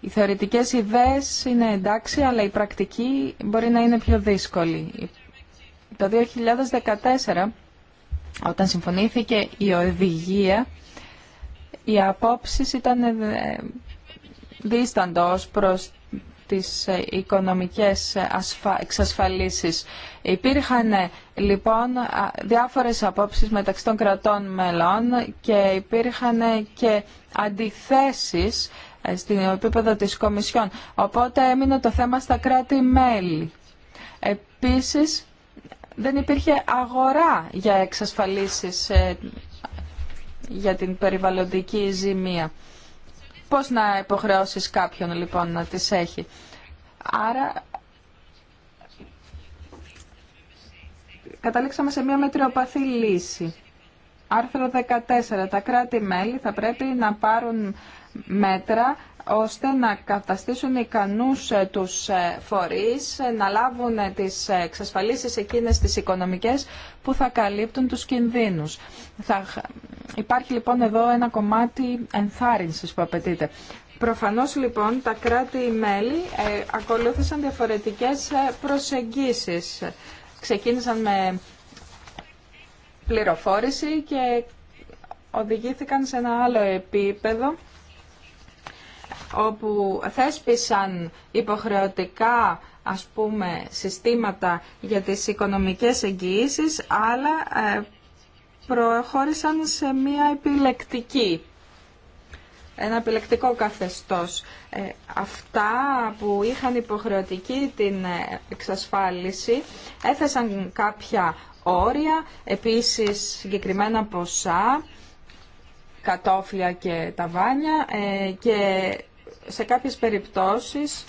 Οι θεωρητικές ιδέες είναι εντάξει, αλλά η πρακτική μπορεί να είναι πιο δύσκολη. Το 2014, όταν συμφωνήθηκε η οδηγία, οι απόψεις ήταν ε, δίσταντος προς τις ε, οικονομικές ε, εξασφαλίσεις. Υπήρχαν ε, λοιπόν διάφορες απόψεις μεταξύ των κρατών μελών και υπήρχαν και αντιθέσεις στην επίπεδο της Κομισιόν. Οπότε έμεινε το θέμα στα κράτη-μέλη. Επίσης, δεν υπήρχε αγορά για εξασφαλίσεις για την περιβαλλοντική ζημία. Πώς να υποχρεώσεις κάποιον λοιπόν να τις έχει. Άρα καταλήξαμε σε μια μετριοπαθή λύση. Άρθρο 14. Τα κράτη-μέλη θα πρέπει να πάρουν μέτρα ώστε να καταστήσουν ικανούς ε, τους ε, φορείς ε, να λάβουν τις εξασφαλίσεις εκείνες τις οικονομικές που θα καλύπτουν τους κινδύνους. Θα... Υπάρχει λοιπόν εδώ ένα κομμάτι ενθάρρυνσης που απαιτείται. Προφανώς λοιπόν τα κράτη-μέλη ακολούθησαν διαφορετικές προσεγγίσεις. Ξεκίνησαν με πληροφόρηση και οδηγήθηκαν σε ένα άλλο επίπεδο όπου θέσπισαν υποχρεωτικά ας πούμε συστήματα για τις οικονομικές εγγυήσεις αλλά ε, προχώρησαν σε μια επιλεκτική ένα επιλεκτικό καθεστώς. Ε, αυτά που είχαν υποχρεωτική την ε, εξασφάλιση έθεσαν κάποια όρια, επίσης συγκεκριμένα ποσά, κατόφλια και ταβάνια και σε κάποιες περιπτώσεις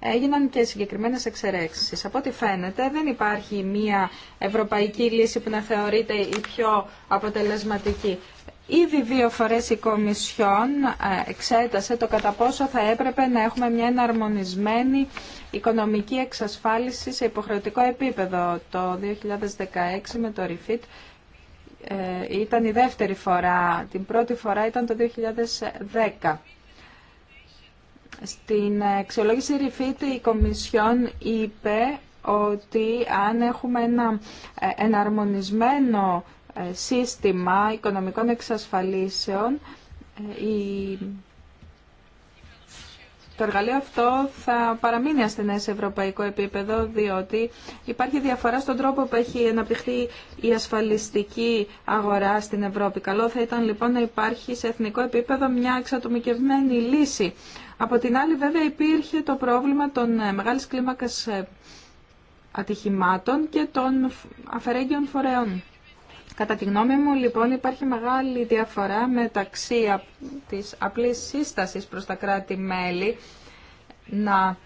έγιναν και συγκεκριμένες εξαιρέξεις. Από ό,τι φαίνεται δεν υπάρχει μία ευρωπαϊκή λύση που να θεωρείται η πιο αποτελεσματική. Ήδη δύο φορές η Κομισιόν ε, εξέτασε το κατά πόσο θα έπρεπε να έχουμε μια εναρμονισμένη οικονομική εξασφάλιση σε υποχρεωτικό επίπεδο το 2016 με το REFIT ε, ήταν η δεύτερη φορά. Την πρώτη φορά ήταν το 2010. Στην αξιολόγηση Refit η Κομισιόν είπε ότι αν έχουμε ένα ε, εναρμονισμένο ε, σύστημα οικονομικών εξασφαλίσεων, το εργαλείο αυτό θα παραμείνει ασθενέ σε ευρωπαϊκό επίπεδο, διότι υπάρχει διαφορά στον τρόπο που έχει αναπτυχθεί η ασφαλιστική αγορά στην Ευρώπη. Καλό θα ήταν λοιπόν να υπάρχει σε εθνικό επίπεδο μια εξατομικευμένη λύση. Από την άλλη βέβαια υπήρχε το πρόβλημα των ε, μεγάλη κλίμακας ε, ατυχημάτων και των αφαιρέγγιων φορέων. Κατά τη γνώμη μου, λοιπόν, υπάρχει μεγάλη διαφορά μεταξύ της απλής σύστασης προς τα κράτη-μέλη να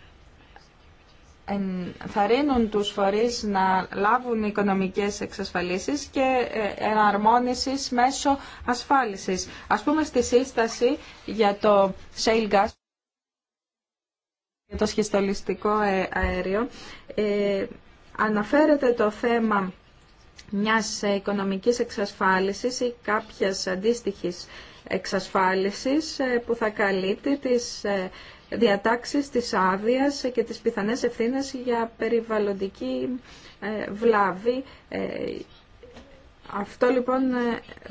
θαρρύνουν τους φορείς να λάβουν οικονομικές εξασφαλίσεις και ε, εναρμόνισης μέσω ασφάλισης. Ας πούμε στη σύσταση για το shale gas, για το σχιστολιστικό ε, αέριο, ε, αναφέρεται το θέμα μιας οικονομικής εξασφάλισης ή κάποιας αντίστοιχης εξασφάλισης ε, που θα καλύπτει τις ε, διατάξεις της άδεια και τις πιθανές ευθύνες για περιβαλλοντική ε, βλάβη. Αυτό λοιπόν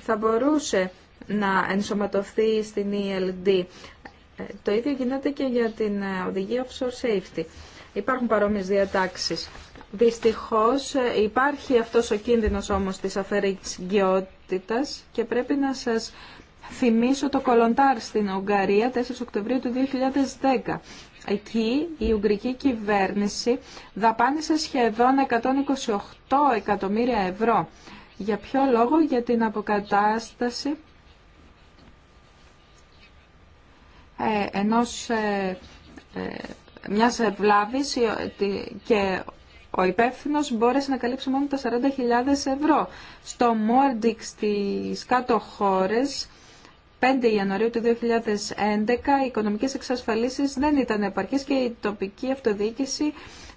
θα μπορούσε να ενσωματωθεί στην ELD. Το ίδιο γίνεται και για την οδηγία Offshore Safety. Υπάρχουν παρόμοιες διατάξεις. Δυστυχώς υπάρχει αυτός ο κίνδυνος όμως της αφαιρεγγιότητας και πρέπει να σας θυμίσω το Κολοντάρ στην Ουγγαρία 4 Οκτωβρίου του 2010. Εκεί η Ουγγρική κυβέρνηση δαπάνησε σχεδόν 128 εκατομμύρια ευρώ. Για ποιο λόγο, για την αποκατάσταση ε, ενός ε, ε, μιας βλάβης και ο υπεύθυνο μπόρεσε να καλύψει μόνο τα 40.000 ευρώ. Στο Μόρντιξ στι κάτω χώρε, 5 Ιανουαρίου του 2011, οι οικονομικέ εξασφαλίσει δεν ήταν επαρκείς και η τοπική αυτοδιοίκηση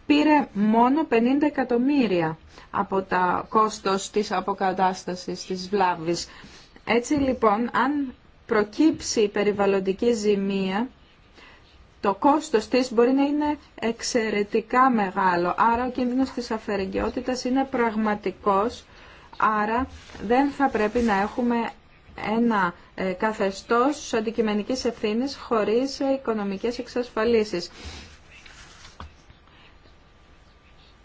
πήρε μόνο 50 εκατομμύρια από τα κόστος της αποκατάστασης της βλάβης. Έτσι λοιπόν, αν προκύψει η περιβαλλοντική ζημία, το κόστος της μπορεί να είναι εξαιρετικά μεγάλο. Άρα ο κίνδυνος της αφαιρεγκαιότητας είναι πραγματικός, άρα δεν θα πρέπει να έχουμε ένα ε, καθεστώς αντικειμενικής ευθύνης χωρίς ε, οικονομικές εξασφαλίσεις.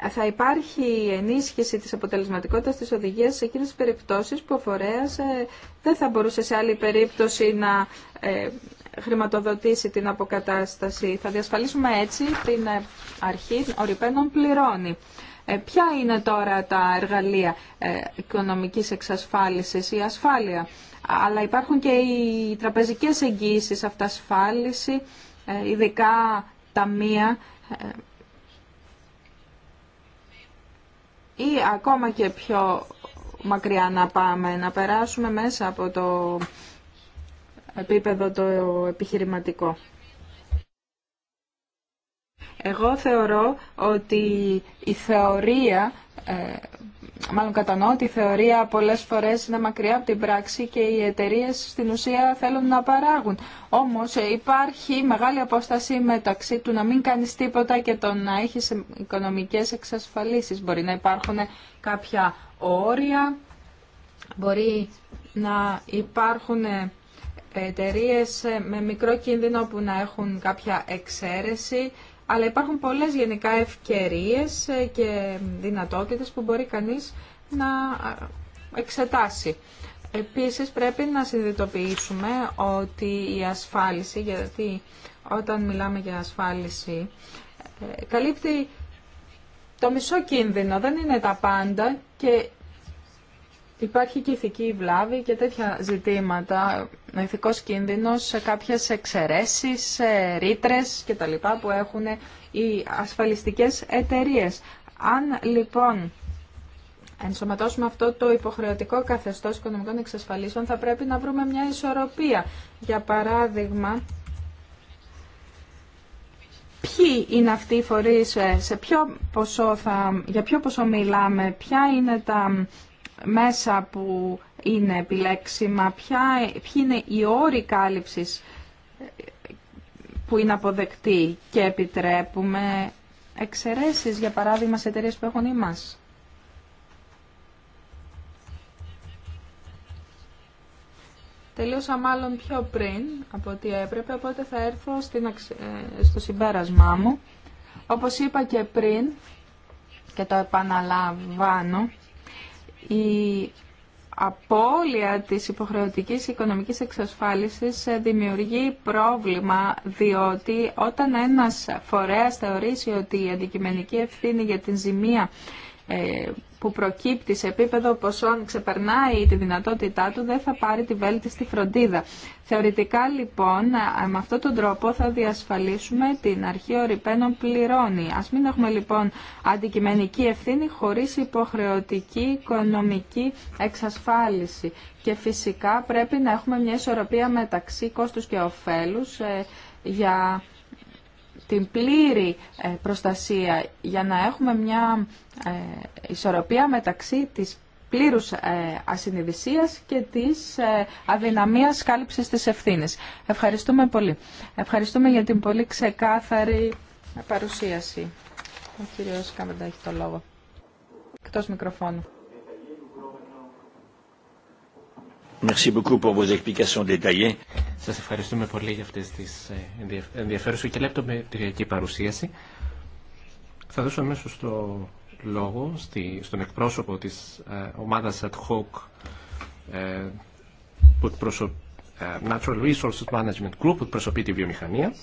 Θα υπάρχει ενίσχυση της αποτελεσματικότητας της οδηγίας σε εκείνες τις περιπτώσεις που ο φορέας ε, δεν θα μπορούσε σε άλλη περίπτωση να χρηματοδοτήσει την αποκατάσταση. Θα διασφαλίσουμε έτσι την ε, αρχή ορυπαίνων πληρώνει. Ε, ποια είναι τώρα τα εργαλεία ε, οικονομικής εξασφάλισης ή ασφάλεια. Αλλά υπάρχουν και οι τραπεζικές εγγύησεις, αυτασφάλιση, ε, ειδικά ταμεία ε, ή ακόμα και πιο μακριά να πάμε, να περάσουμε μέσα από το επίπεδο το επιχειρηματικό. Εγώ θεωρώ ότι η θεωρία, ε, μάλλον κατανοώ ότι η θεωρία πολλές φορές είναι μακριά από την πράξη και οι εταιρείες στην ουσία θέλουν να παράγουν. Όμως ε, υπάρχει μεγάλη απόσταση μεταξύ του να μην κάνεις τίποτα και το να έχεις οικονομικές εξασφαλίσεις. Μπορεί να υπάρχουν κάποια όρια, μπορεί να υπάρχουν ε, εταιρείε ε, με μικρό κίνδυνο που να έχουν κάποια εξαίρεση, αλλά υπάρχουν πολλές γενικά ευκαιρίες ε, και δυνατότητες που μπορεί κανείς να ε, εξετάσει. Επίσης πρέπει να συνειδητοποιήσουμε ότι η ασφάλιση, γιατί όταν μιλάμε για ασφάλιση, καλύπτει το μισό κίνδυνο, δεν είναι τα πάντα και Υπάρχει και ηθική βλάβη και τέτοια ζητήματα, ηθικός κίνδυνος, κάποιες εξαιρέσεις, ρήτρε κτλ. που έχουν οι ασφαλιστικές εταιρείες. Αν λοιπόν ενσωματώσουμε αυτό το υποχρεωτικό καθεστώς οικονομικών εξασφαλίσεων, θα πρέπει να βρούμε μια ισορροπία. Για παράδειγμα, ποιοι είναι αυτοί οι φορείς, για ποιο ποσό μιλάμε, ποια είναι τα μέσα που είναι επιλέξιμα, ποια, ποιοι είναι οι όροι κάλυψης που είναι αποδεκτοί και επιτρέπουμε εξαιρέσεις, για παράδειγμα, σε εταιρείε που έχουν εμάς. Τελείωσα μάλλον πιο πριν από ό,τι έπρεπε, οπότε θα έρθω στην, ε, στο συμπέρασμά μου. Όπως είπα και πριν, και το επαναλαμβάνω, η απώλεια της υποχρεωτικής οικονομικής εξασφάλισης δημιουργεί πρόβλημα διότι όταν ένας φορέας θεωρήσει ότι η αντικειμενική ευθύνη για την ζημία ε, που προκύπτει σε επίπεδο ποσών ξεπερνάει τη δυνατότητά του δεν θα πάρει τη βέλτιστη φροντίδα. Θεωρητικά λοιπόν με αυτόν τον τρόπο θα διασφαλίσουμε την αρχή ορυπαίνων πληρώνει. Ας μην έχουμε λοιπόν αντικειμενική ευθύνη χωρίς υποχρεωτική οικονομική εξασφάλιση. Και φυσικά πρέπει να έχουμε μια ισορροπία μεταξύ κόστους και ωφέλους ε, για την πλήρη ε, προστασία για να έχουμε μια ε, ισορροπία μεταξύ της πλήρους ε, ασυνειδησίας και της αδυναμίας κάλυψης της ευθύνης. Ευχαριστούμε πολύ. Ευχαριστούμε για την πολύ ξεκάθαρη παρουσίαση. Ο κύριος Κάμεντα έχει το λόγο. Εκτός μικροφώνου. Σας ευχαριστούμε πολύ για αυτές τις ε, ενδιαφέρουσες και λεπτομεριακή παρουσίαση. Θα δώσω αμέσω το λόγο στον εκπρόσωπο της ε, ομάδας ad hoc ε, που Natural Resources Management Group που προσωπεί τη βιομηχανία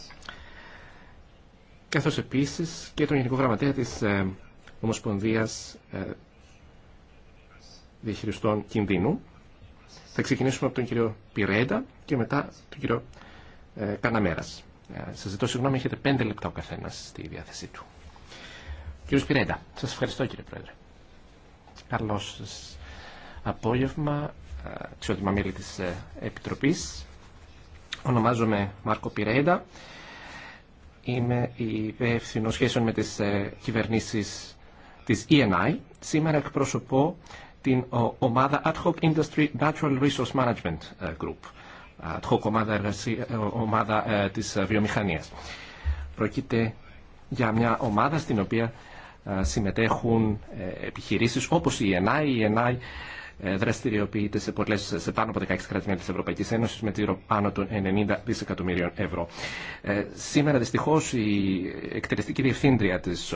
καθώς επίσης και τον Γενικό Γραμματέα της Ομοσπονδίας Διαχειριστών Κινδύνου θα ξεκινήσουμε από τον κύριο Πιρέντα και μετά τον κύριο ε, Καναμέρας. Ε, σας ζητώ συγγνώμη, έχετε πέντε λεπτά ο καθένας στη διάθεσή του. Κύριος Πιρέντα, σας ευχαριστώ κύριε Πρόεδρε. Καλό σα απόγευμα, ε, αξιότιμα μέλη της ε, Επιτροπής. Ονομάζομαι Μάρκο Πιρέντα. Είμαι υπεύθυνο σχέσεων με τις κυβερνήσει, τη ENI. Σήμερα εκπροσωπώ την ομάδα Ad Hoc Industry Natural Resource Management ε, Group, ε, Ad Hoc ομάδα, εργασία, ε, ομάδα της βιομηχανίας. Πρόκειται για μια ομάδα στην οποία συμμετέχουν επιχειρήσεις όπως η ΕΝΑΗ, η ΕΝΑΗ δραστηριοποιείται σε, πολλές, σε πάνω από 16 κράτη-μέλη της Ευρωπαϊκής Ένωσης με τύρο πάνω των 90 δισεκατομμύριων ευρώ. σήμερα δυστυχώς η εκτελεστική διευθύντρια της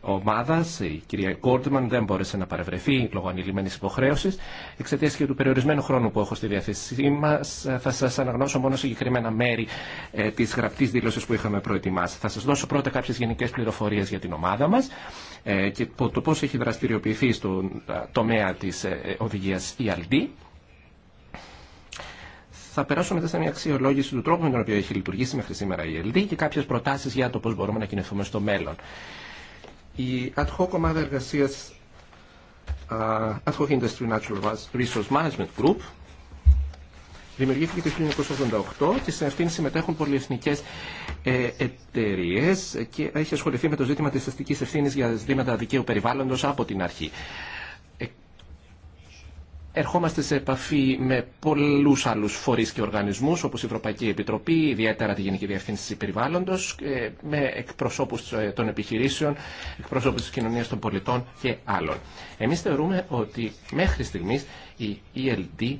ομάδα, η κυρία Γκόρντμαν, δεν μπόρεσε να παρευρεθεί λόγω ανηλυμένη υποχρέωση. Εξαιτία και του περιορισμένου χρόνου που έχω στη διάθεσή μα, θα σα αναγνώσω μόνο συγκεκριμένα μέρη ε, τη γραπτή δήλωση που είχαμε προετοιμάσει. Θα σα δώσω πρώτα κάποιε γενικέ πληροφορίε για την ομάδα μα ε, και το πώ έχει δραστηριοποιηθεί στον ε, τομέα τη ε, ε, οδηγία ELD. Θα περάσω μετά σε μια αξιολόγηση του τρόπου με τον οποίο έχει λειτουργήσει μέχρι σήμερα η ELD και κάποιε προτάσει για το πώ μπορούμε να κινηθούμε στο μέλλον. Η ad hoc ομάδα εργασίας ad hoc Industry Natural Resource Management Group δημιουργήθηκε το 1988 και σε αυτήν συμμετέχουν πολυεθνικές ε, εταιρείε και έχει ασχοληθεί με το ζήτημα της αστικής ευθύνη για ζητήματα δικαίου περιβάλλοντος από την αρχή ερχόμαστε σε επαφή με πολλού άλλου φορεί και οργανισμού, όπω η Ευρωπαϊκή Επιτροπή, ιδιαίτερα τη Γενική Διευθύνση Περιβάλλοντο, ε, με εκπροσώπου ε, των επιχειρήσεων, εκπροσώπου τη κοινωνία των πολιτών και άλλων. Εμεί θεωρούμε ότι μέχρι στιγμή η ELD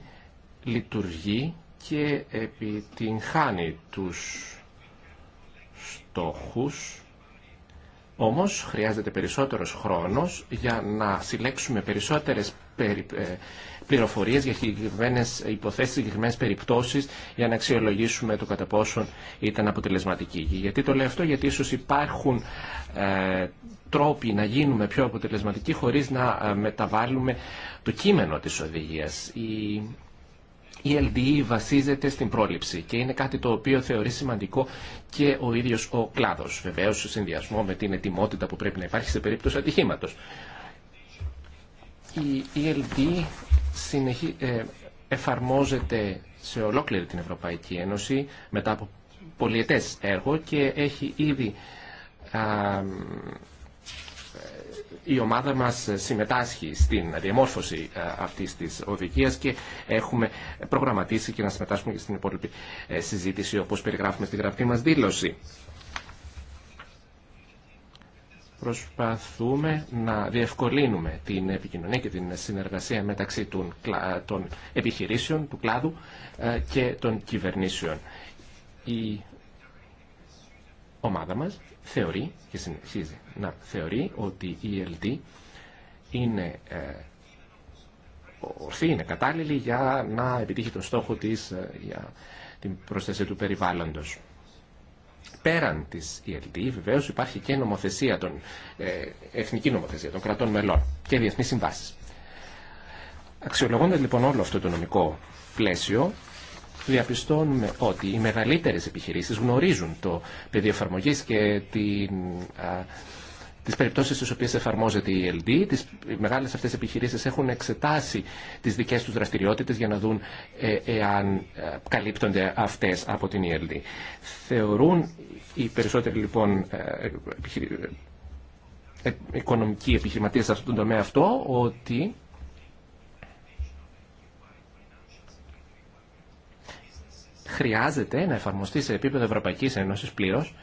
λειτουργεί και επιτυγχάνει τους στόχους όμως χρειάζεται περισσότερος χρόνος για να συλλέξουμε περισσότερες ε, πληροφορίες για συγκεκριμένε υποθέσεις, συγκεκριμένε περιπτώσεις για να αξιολογήσουμε το κατά πόσον ήταν αποτελεσματική. Γιατί το λέω αυτό, γιατί ίσως υπάρχουν ε, τρόποι να γίνουμε πιο αποτελεσματικοί χωρίς να ε, μεταβάλουμε το κείμενο της οδηγίας. Η... Η LDE βασίζεται στην πρόληψη και είναι κάτι το οποίο θεωρεί σημαντικό και ο ίδιο ο κλάδο. Βεβαίω, σε συνδυασμό με την ετοιμότητα που πρέπει να υπάρχει σε περίπτωση ατυχήματο. Η LDE συνεχι... Ε, εφαρμόζεται σε ολόκληρη την Ευρωπαϊκή Ένωση μετά από πολιετές έργο και έχει ήδη η ομάδα μας συμμετάσχει στην διαμόρφωση αυτής της οδηγίας και έχουμε προγραμματίσει και να συμμετάσχουμε και στην υπόλοιπη ε, συζήτηση όπως περιγράφουμε στη γραπτή μας δήλωση προσπαθούμε να διευκολύνουμε την επικοινωνία και την συνεργασία μεταξύ των, των επιχειρήσεων, του κλάδου ε, και των κυβερνήσεων. Η ομάδα μας θεωρεί και συνεχίζει να θεωρεί ότι η ELD είναι ε, ορθή, είναι κατάλληλη για να επιτύχει τον στόχο της ε, για την προστασία του περιβάλλοντος πέραν της ELD βεβαίως υπάρχει και νομοθεσία των, ε, εθνική νομοθεσία των κρατών μελών και διεθνείς συμβάσεις. Αξιολογώντας λοιπόν όλο αυτό το νομικό πλαίσιο, διαπιστώνουμε ότι οι μεγαλύτερες επιχειρήσεις γνωρίζουν το πεδίο εφαρμογή και την τις περιπτώσεις στις οποίες εφαρμόζεται η ELD. Τις μεγάλες αυτές επιχειρήσεις έχουν εξετάσει τις δικές τους δραστηριότητες για να δουν ε, εάν ε, καλύπτονται αυτές από την ELD. Θεωρούν οι περισσότεροι λοιπόν ε, οικονομικοί επιχειρηματίες σε αυτόν τον τομέα αυτό ότι χρειάζεται να εφαρμοστεί σε επίπεδο Ευρωπαϊκής Ένωσης πλήρως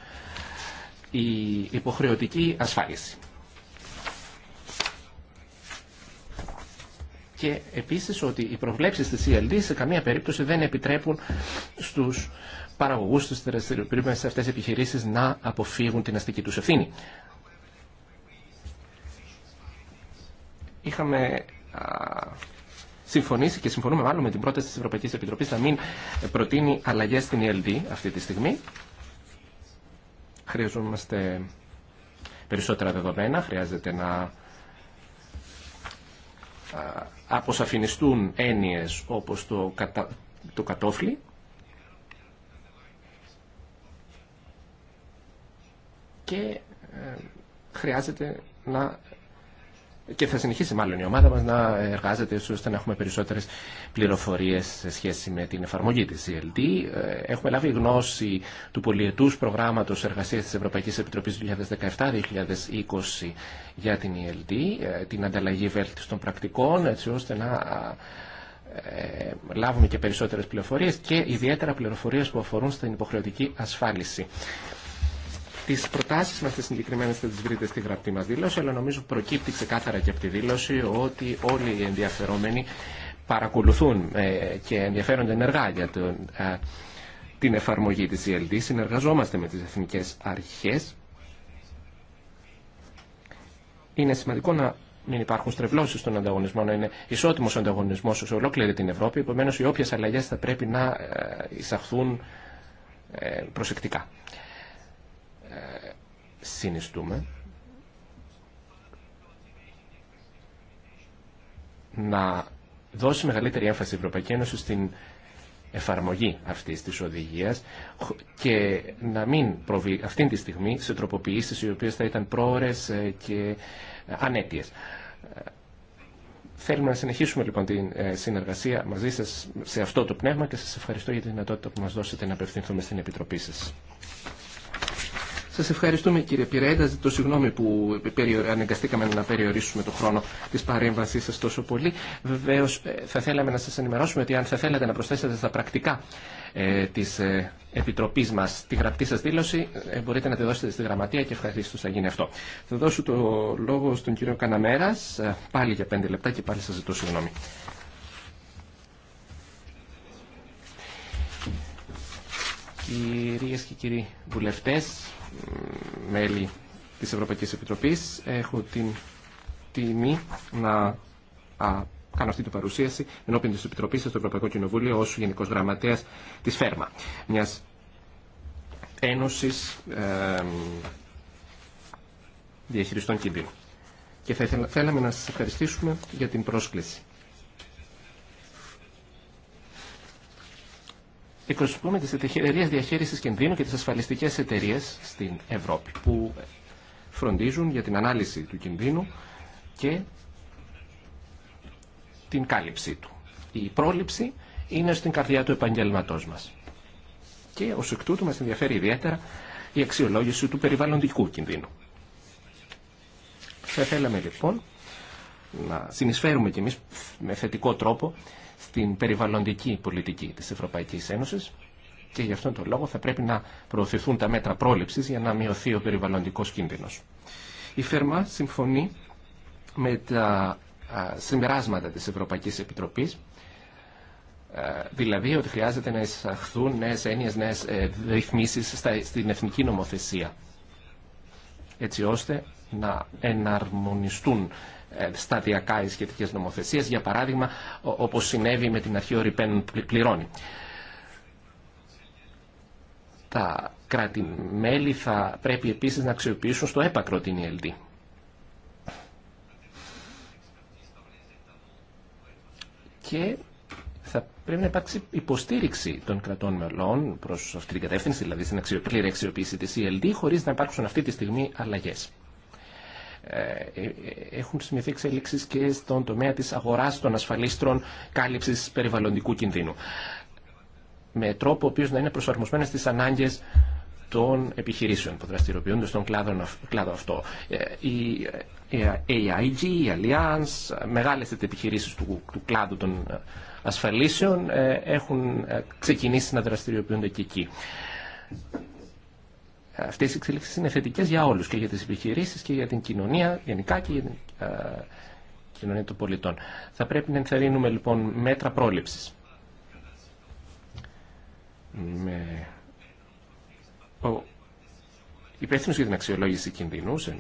η υποχρεωτική ασφάλιση. Και επίσης ότι οι προβλέψεις της ELD σε καμία περίπτωση δεν επιτρέπουν στους παραγωγούς, της δραστηριοποιημένους σε αυτές τις επιχειρήσεις να αποφύγουν την αστική τους ευθύνη. Είχαμε συμφωνήσει και συμφωνούμε μάλλον με την πρόταση της Ευρωπαϊκής Επιτροπής να μην προτείνει αλλαγές στην ELD αυτή τη στιγμή Χρειαζόμαστε περισσότερα δεδομένα, χρειάζεται να αποσαφινιστούν έννοιες όπως το, το κατόφλι και ε, χρειάζεται να και θα συνεχίσει μάλλον η ομάδα μας να εργάζεται ώστε να έχουμε περισσότερες πληροφορίες σε σχέση με την εφαρμογή της ELD. Ε, έχουμε λάβει γνώση του πολιετούς προγράμματος εργασίας της Ευρωπαϊκής Επιτροπής 2017-2020 για την ELD, ε, την ανταλλαγή βέλτιστων πρακτικών, έτσι ώστε να ε, λάβουμε και περισσότερες πληροφορίες και ιδιαίτερα πληροφορίες που αφορούν στην υποχρεωτική ασφάλιση. Τι προτάσει μα τι συγκεκριμένε θα τι βρείτε στη γραπτή μα δήλωση, αλλά νομίζω προκύπτει ξεκάθαρα και από τη δήλωση ότι όλοι οι ενδιαφερόμενοι παρακολουθούν ε, και ενδιαφέρονται ενεργά για ε, την εφαρμογή της ELD. Συνεργαζόμαστε με τις εθνικές αρχές. Είναι σημαντικό να μην υπάρχουν στρεβλώσει στον ανταγωνισμό, να είναι ισότιμο ο ανταγωνισμό σε ολόκληρη την Ευρώπη. Επομένω, οι όποιε αλλαγέ θα πρέπει να ε, εισαχθούν προσεκτικά συνιστούμε να δώσει μεγαλύτερη έμφαση η Ευρωπαϊκή Ένωση στην εφαρμογή αυτής της οδηγίας και να μην προβεί αυτή τη στιγμή σε τροποποιήσεις οι οποίες θα ήταν πρόορες ε, και ανέτειες. Θέλουμε να συνεχίσουμε λοιπόν την ε, συνεργασία μαζί σας σε αυτό το πνεύμα και σας ευχαριστώ για τη δυνατότητα που μας δώσετε να απευθυνθούμε στην Επιτροπή σας. Σα ευχαριστούμε κύριε Πυρέντα. Ζητώ συγγνώμη που αναγκαστήκαμε να περιορίσουμε το χρόνο τη παρέμβασή σα τόσο πολύ. Βεβαίω, ε, θα θέλαμε να σα ενημερώσουμε ότι αν θα θέλατε να προσθέσετε στα πρακτικά ε, της ε, Επιτροπής μας τη γραπτή σας δήλωση ε, μπορείτε να τη δώσετε στη γραμματεία και ευχαριστώ θα γίνει αυτό. Θα δώσω το λόγο στον κύριο Καναμέρα. Ε, πάλι για πέντε λεπτά και πάλι σα ζητώ συγγνώμη. Κυρίε και κύριοι βουλευτέ μέλη της Ευρωπαϊκής Επιτροπής. Έχω την τιμή να α, κάνω αυτή την παρουσίαση ενώπιν της Επιτροπής στο Ευρωπαϊκό Κοινοβούλιο ως Γενικός Γραμματέας της ΦΕΡΜΑ, μιας Ένωσης ε, Διαχειριστών Κινδύνων. Και θα ήθελα, θέλαμε να σας ευχαριστήσουμε για την πρόσκληση. εκπροσωπούμε τις εταιρείες διαχείρισης κινδύνου και τις ασφαλιστικές εταιρείες στην Ευρώπη που φροντίζουν για την ανάλυση του κινδύνου και την κάλυψή του. Η πρόληψη είναι στην καρδιά του επαγγελματό μας. Και ως εκ τούτου μας ενδιαφέρει ιδιαίτερα η αξιολόγηση του περιβαλλοντικού κινδύνου. Θα θέλαμε λοιπόν να συνεισφέρουμε κι εμείς με θετικό τρόπο στην περιβαλλοντική πολιτική της Ευρωπαϊκής Ένωσης και γι' αυτόν τον λόγο θα πρέπει να προωθηθούν τα μέτρα πρόληψης για να μειωθεί ο περιβαλλοντικός κίνδυνος. Η ΦΕΡΜΑ συμφωνεί με τα συμπεράσματα της Ευρωπαϊκής Επιτροπής δηλαδή ότι χρειάζεται να εισαχθούν νέες έννοιες, νέες ε, ρυθμίσεις στην εθνική νομοθεσία έτσι ώστε να εναρμονιστούν ε, σταδιακά οι σχετικές νομοθεσίες, για παράδειγμα όπως συνέβη με την αρχή ο Ριπέν πληρώνει. Τα κράτη-μέλη θα πρέπει επίσης να αξιοποιήσουν στο έπακρο την ELD. Και θα πρέπει να υπάρξει υποστήριξη των κρατών μελών προς αυτή την κατεύθυνση, δηλαδή στην πλήρη αξιοποίηση της ELD, χωρίς να υπάρξουν αυτή τη στιγμή αλλαγές. Ε, ε, έχουν σημειωθεί εξέλιξεις και στον τομέα της αγοράς των ασφαλίστρων κάλυψης περιβαλλοντικού κινδύνου. Με τρόπο ο οποίος να είναι προσαρμοσμένο στις ανάγκες των επιχειρήσεων που δραστηριοποιούνται στον κλάδο, αυτό. Ε, η, AIG, η Allianz, μεγάλες επιχειρήσεις του, του κλάδου των ασφαλίσεων έχουν ξεκινήσει να δραστηριοποιούνται και εκεί. Αυτέ οι εξελίξεις είναι θετικέ για όλους και για τις επιχειρήσεις και για την κοινωνία γενικά και για την ε, κοινωνία των πολιτών. Θα πρέπει να ενθαρρύνουμε λοιπόν μέτρα πρόληψης. Με... Ο υπεύθυνο για την αξιολόγηση κινδυνού, ε,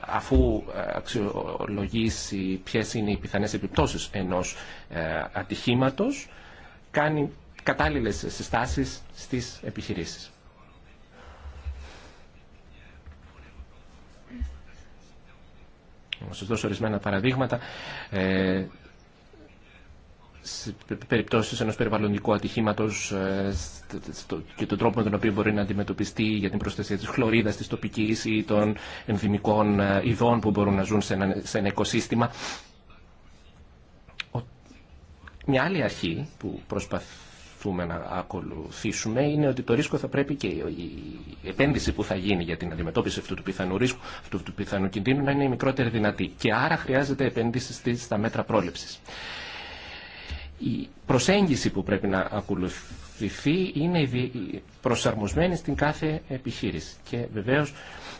αφού ε, αξιολογήσει ποιε είναι οι πιθανές επιπτώσεις ενός ατυχήματος, κάνει κατάλληλες συστάσεις στις επιχειρήσεις. Να σα δώσω ορισμένα παραδείγματα. Ε, σε περιπτώσεις ενός περιβαλλοντικού ατυχήματος ε, και τον τρόπο με τον οποίο μπορεί να αντιμετωπιστεί για την προστασία της χλωρίδας, της τοπικής ή των ενδυμικών ε, ειδών που μπορούν να ζουν σε ένα, σε ένα οικοσύστημα. Μια άλλη αρχή που προσπαθεί προσπαθούμε να ακολουθήσουμε είναι ότι το ρίσκο θα πρέπει και η επένδυση που θα γίνει για την αντιμετώπιση αυτού του πιθανού ρίσκου, αυτού του πιθανού κινδύνου να είναι η μικρότερη δυνατή. Και άρα χρειάζεται επένδυση στα μέτρα πρόληψης. Η προσέγγιση που πρέπει να ακολουθηθεί είναι προσαρμοσμένη στην κάθε επιχείρηση. Και βεβαίω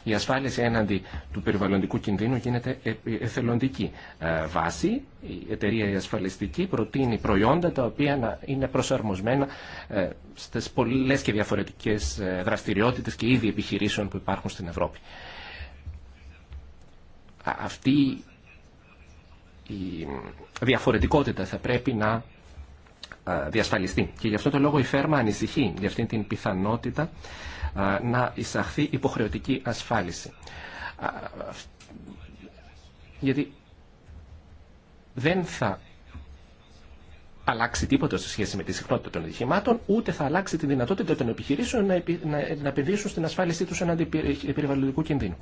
η ασφάλιση έναντι του περιβαλλοντικού κινδύνου γίνεται εθελοντική ε, βάση. Η εταιρεία η ασφαλιστική προτείνει προϊόντα τα οποία να είναι προσαρμοσμένα ε, στις πολλές και διαφορετικές ε, δραστηριότητες και είδη επιχειρήσεων που υπάρχουν στην Ευρώπη. Αυτή η διαφορετικότητα θα πρέπει να διασφαλιστεί. Και γι' αυτό το λόγο η Φέρμα ανησυχεί για αυτή την πιθανότητα να εισαχθεί υποχρεωτική ασφάλιση. Γιατί δεν θα αλλάξει τίποτα σε σχέση με τη συχνότητα των ατυχημάτων, ούτε θα αλλάξει τη δυνατότητα των επιχειρήσεων να, επι, να, να επενδύσουν στην ασφάλισή τους εναντί ε, περιβαλλοντικού κινδύνου.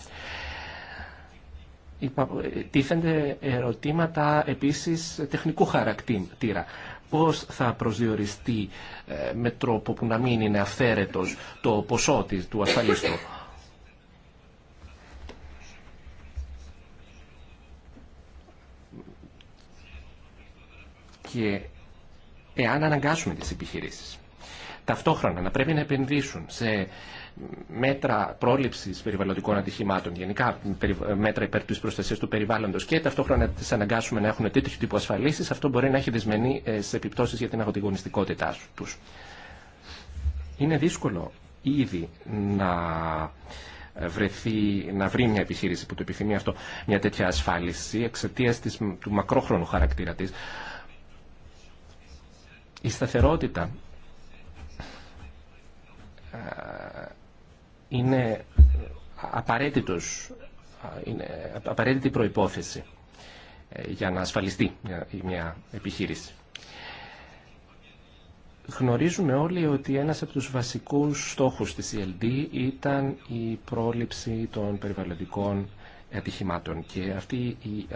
Ε, τίθενται ερωτήματα επίσης τεχνικού χαρακτήρα πώς θα προσδιοριστεί ε, με τρόπο που να μην είναι αυθαίρετος το ποσό της, του ασφαλίστου. Και εάν αναγκάσουμε τις επιχειρήσεις ταυτόχρονα να πρέπει να επενδύσουν σε μέτρα πρόληψη περιβαλλοντικών ατυχημάτων, γενικά μέτρα υπέρ τη προστασία του περιβάλλοντο και ταυτόχρονα να αναγκάσουμε να έχουν τέτοιου τύπου ασφαλίσεις, αυτό μπορεί να έχει δεσμενή ε, σε επιπτώσει για την αγωτηγωνιστικότητά του. Είναι δύσκολο ήδη να βρεθεί, να βρει μια επιχείρηση που το επιθυμεί αυτό, μια τέτοια ασφάλιση εξαιτία του μακρόχρονου χαρακτήρα της. Η σταθερότητα ε, είναι ε, απαραίτητος, είναι απαραίτητη προϋπόθεση ε, για να ασφαλιστεί μια επιχείρηση. Γνωρίζουμε όλοι ότι ένας από τους βασικούς στόχους της ELD ήταν η πρόληψη των περιβαλλοντικών ατυχημάτων και αυτή η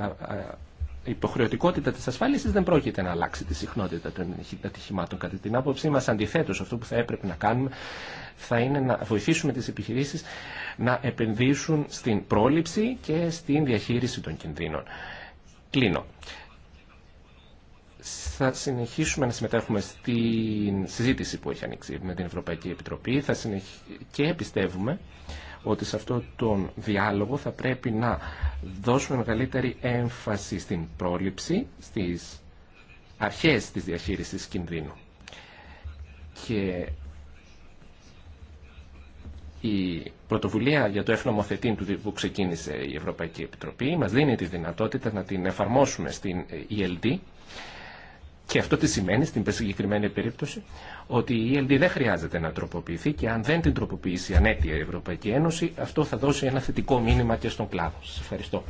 η υποχρεωτικότητα της ασφάλισης δεν πρόκειται να αλλάξει τη συχνότητα των ατυχημάτων. Κατά την άποψή μας, αντιθέτω αυτό που θα έπρεπε να κάνουμε θα είναι να βοηθήσουμε τις επιχειρήσεις να επενδύσουν στην πρόληψη και στην διαχείριση των κινδύνων. Κλείνω. Θα συνεχίσουμε να συμμετέχουμε στην συζήτηση που έχει ανοίξει με την Ευρωπαϊκή Επιτροπή θα και πιστεύουμε ότι σε αυτό τον διάλογο θα πρέπει να δώσουμε μεγαλύτερη έμφαση στην πρόληψη, στις αρχές της διαχείρισης κινδύνου. Και η πρωτοβουλία για το εφνομοθετήν που ξεκίνησε η Ευρωπαϊκή Επιτροπή μας δίνει τη δυνατότητα να την εφαρμόσουμε στην ELD και αυτό τι σημαίνει στην συγκεκριμένη περίπτωση ότι η ELD δεν χρειάζεται να τροποποιηθεί και αν δεν την τροποποιήσει ανέτεια η Ευρωπαϊκή Ένωση, αυτό θα δώσει ένα θετικό μήνυμα και στον κλάδο. Σας ευχαριστώ.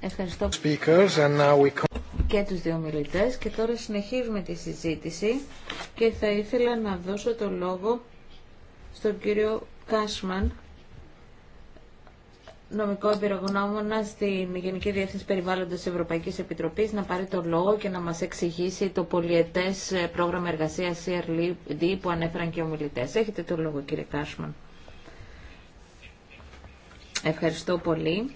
Ευχαριστώ και τους δύο μιλητές και τώρα συνεχίζουμε τη συζήτηση και θα ήθελα να δώσω το λόγο στον κύριο Κάσμαν νομικό εμπειρογνώμονα στην Γενική Διεύθυνση Περιβάλλοντος Ευρωπαϊκής Επιτροπής να πάρει το λόγο και να μας εξηγήσει το πολιετές ε, πρόγραμμα εργασίας CRLD που ανέφεραν και οι ομιλητές. Έχετε το λόγο κύριε Κάσμαν. Ευχαριστώ πολύ.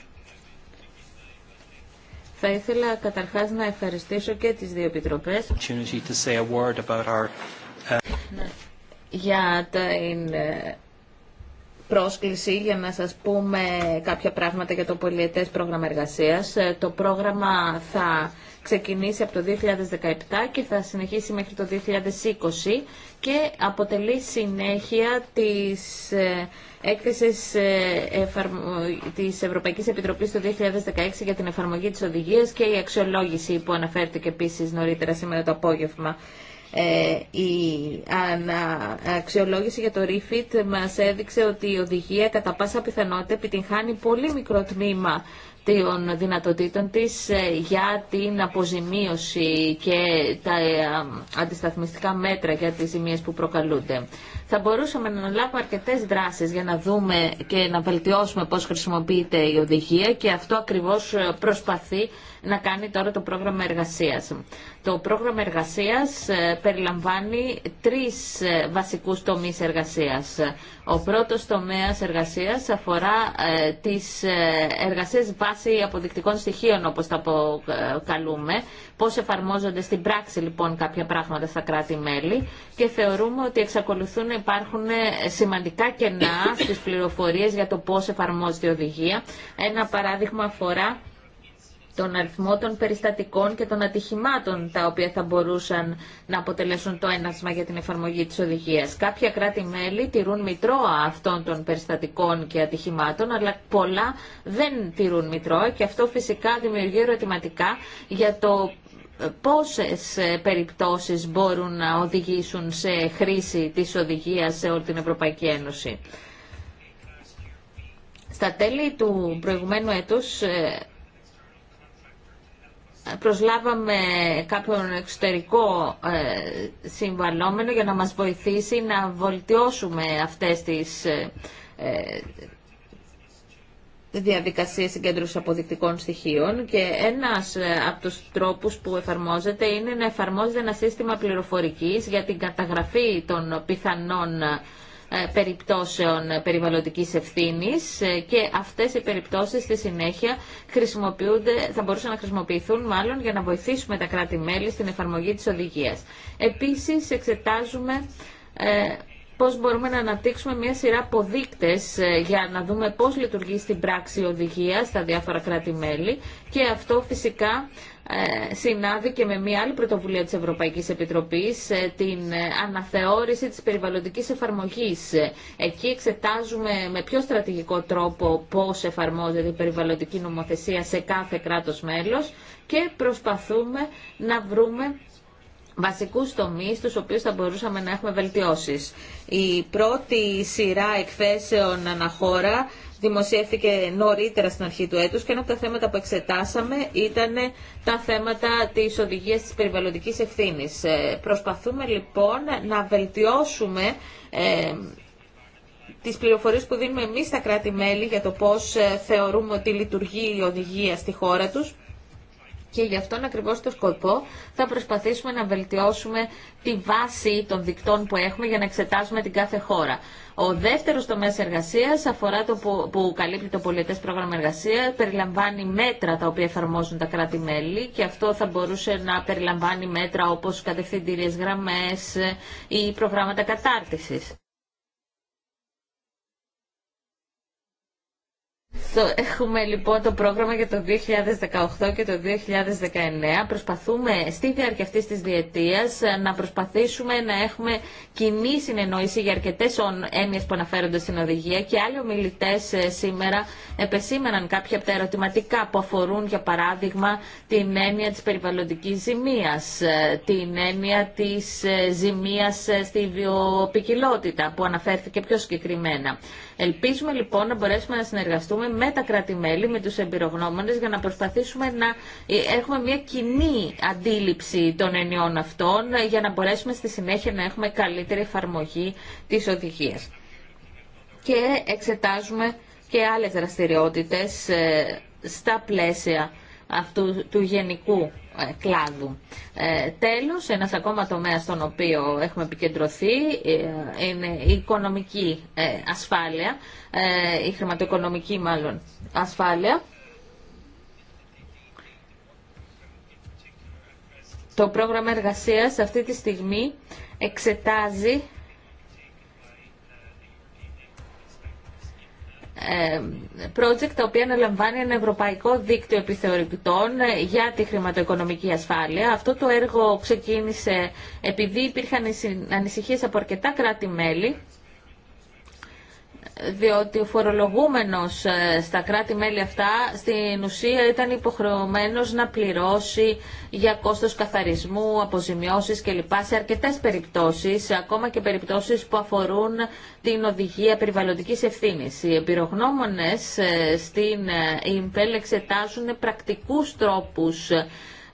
Θα ήθελα καταρχάς να ευχαριστήσω και τις δύο επιτροπές uh, για την ε, πρόσκληση για να σας πούμε κάποια πράγματα για το πολιετές πρόγραμμα εργασίας. Ε, το πρόγραμμα θα ξεκινήσει από το 2017 και θα συνεχίσει μέχρι το 2020 και αποτελεί συνέχεια της ε, έκθεσης ε, της Ευρωπαϊκής Επιτροπής το 2016 για την εφαρμογή της οδηγίας και η αξιολόγηση που αναφέρθηκε επίσης νωρίτερα σήμερα το απόγευμα. Ε, η αξιολόγηση για το refit μας έδειξε ότι η οδηγία κατά πάσα πιθανότητα επιτυγχάνει πολύ μικρό τμήμα των δυνατοτήτων της ε, για την αποζημίωση και τα ε, αντισταθμιστικά μέτρα για τις ζημίες που προκαλούνται. Θα μπορούσαμε να αναλάβουμε αρκετές δράσεις για να δούμε και να βελτιώσουμε πώς χρησιμοποιείται η οδηγία και αυτό ακριβώς προσπαθεί να κάνει τώρα το πρόγραμμα εργασίας. Το πρόγραμμα εργασίας ε, περιλαμβάνει τρεις ε, βασικούς τομείς εργασίας. Ο πρώτος τομέας εργασίας αφορά ε, τις εργασίες βάσει αποδεικτικών στοιχείων, όπως τα αποκαλούμε, πώς εφαρμόζονται στην πράξη λοιπόν κάποια πράγματα στα κράτη-μέλη και θεωρούμε ότι εξακολουθούν να υπάρχουν σημαντικά κενά στις πληροφορίες για το πώς εφαρμόζεται η οδηγία. Ένα παράδειγμα αφορά τον αριθμό των περιστατικών και των ατυχημάτων τα οποία θα μπορούσαν να αποτελέσουν το ένασμα για την εφαρμογή της οδηγίας. Κάποια κράτη-μέλη τηρούν μητρώα αυτών των περιστατικών και ατυχημάτων, αλλά πολλά δεν τηρούν μητρώα και αυτό φυσικά δημιουργεί ερωτηματικά για το ε, πόσες ε, περιπτώσεις μπορούν να οδηγήσουν σε χρήση της οδηγίας σε όλη την Ευρωπαϊκή Ένωση. Στα τέλη του προηγουμένου έτους ε, προσλάβαμε κάποιον εξωτερικό ε, συμβαλόμενο για να μας βοηθήσει να βολτιώσουμε αυτές τις ε, ε, διαδικασίες συγκέντρωση αποδεικτικών στοιχείων και ένας από τους τρόπους που εφαρμόζεται είναι να εφαρμόζεται ένα σύστημα πληροφορικής για την καταγραφή των πιθανών ε, περιπτώσεων περιβαλλοντικής ευθύνης ε, και αυτές οι περιπτώσεις στη συνέχεια χρησιμοποιούνται, θα μπορούσαν να χρησιμοποιηθούν μάλλον για να βοηθήσουμε τα κράτη-μέλη στην εφαρμογή της οδηγίας. Επίσης εξετάζουμε ε, πώς μπορούμε να αναπτύξουμε μια σειρά ποδίκτες για να δούμε πώς λειτουργεί στην πράξη η οδηγία στα διάφορα κράτη-μέλη και αυτό φυσικά ε, συνάδει και με μια άλλη πρωτοβουλία της Ευρωπαϊκής Επιτροπής, ε, την ε, αναθεώρηση της περιβαλλοντικής εφαρμογής. Εκεί εξετάζουμε με πιο στρατηγικό τρόπο πώς εφαρμόζεται η περιβαλλοντική νομοθεσία σε κάθε κράτος μέλος και προσπαθούμε να βρούμε βασικούς τομείς στους οποίους θα μπορούσαμε να έχουμε βελτιώσεις. Η πρώτη σειρά εκθέσεων αναχώρα δημοσιεύτηκε νωρίτερα στην αρχή του έτους και ένα από τα θέματα που εξετάσαμε ήταν τα θέματα της οδηγίας της περιβαλλοντικής ευθύνης. Ε, προσπαθούμε λοιπόν να βελτιώσουμε ε, τις πληροφορίες που δίνουμε εμείς στα κράτη-μέλη για το πώς ε, θεωρούμε ότι λειτουργεί η οδηγία στη χώρα τους και γι' αυτόν ακριβώς το σκοπό θα προσπαθήσουμε να βελτιώσουμε τη βάση των δικτών που έχουμε για να εξετάσουμε την κάθε χώρα. Ο δεύτερος τομέας εργασίας αφορά το που, καλύπτει το πολιτές πρόγραμμα εργασία, περιλαμβάνει μέτρα τα οποία εφαρμόζουν τα κράτη-μέλη και αυτό θα μπορούσε να περιλαμβάνει μέτρα όπως κατευθυντήριες γραμμές ή προγράμματα κατάρτισης. Έχουμε λοιπόν το πρόγραμμα για το 2018 και το 2019. Προσπαθούμε στη διάρκεια αυτή της διετίας ε, να προσπαθήσουμε να έχουμε κοινή συνεννόηση για αρκετές έννοιες που αναφέρονται στην οδηγία και άλλοι ομιλητέ ε, σήμερα επεσήμεναν κάποια από τα ερωτηματικά που αφορούν για παράδειγμα την έννοια της περιβαλλοντικής ζημίας, ε, την έννοια της ζημίας στη βιοπικιλότητα που αναφέρθηκε πιο συγκεκριμένα. Ελπίζουμε λοιπόν να μπορέσουμε να συνεργαστούμε με τα κράτη-μέλη, με τους εμπειρογνώμονες για να προσπαθήσουμε να ε, έχουμε μια κοινή αντίληψη των ενιών αυτών ε, για να μπορέσουμε στη συνέχεια να έχουμε καλύτερη εφαρμογή της οδηγίας. Και εξετάζουμε και άλλες δραστηριότητες ε, στα πλαίσια αυτού του γενικού κλάδου. Ε, τέλος, ένας ακόμα τομέας στον οποίο έχουμε επικεντρωθεί ε, είναι η οικονομική ε, ασφάλεια, η χρηματοοικονομική μάλλον ασφάλεια. Το πρόγραμμα εργασίας αυτή τη στιγμή εξετάζει Ε, project τα οποία αναλαμβάνει ένα ευρωπαϊκό δίκτυο επιθεωρητών ε, για τη χρηματοοικονομική ασφάλεια. Αυτό το έργο ξεκίνησε επειδή υπήρχαν ανησυχίες από αρκετά κράτη-μέλη διότι ο φορολογούμενος ε, στα κράτη-μέλη αυτά στην ουσία ήταν υποχρεωμένος να πληρώσει για κόστος καθαρισμού, αποζημιώσεις κλπ. σε αρκετές περιπτώσεις, ακόμα και περιπτώσεις που αφορούν την οδηγία περιβαλλοντικής ευθύνης. Οι εμπειρογνώμονες ε, στην ΙΜΠΕΛ εξετάζουν πρακτικούς τρόπους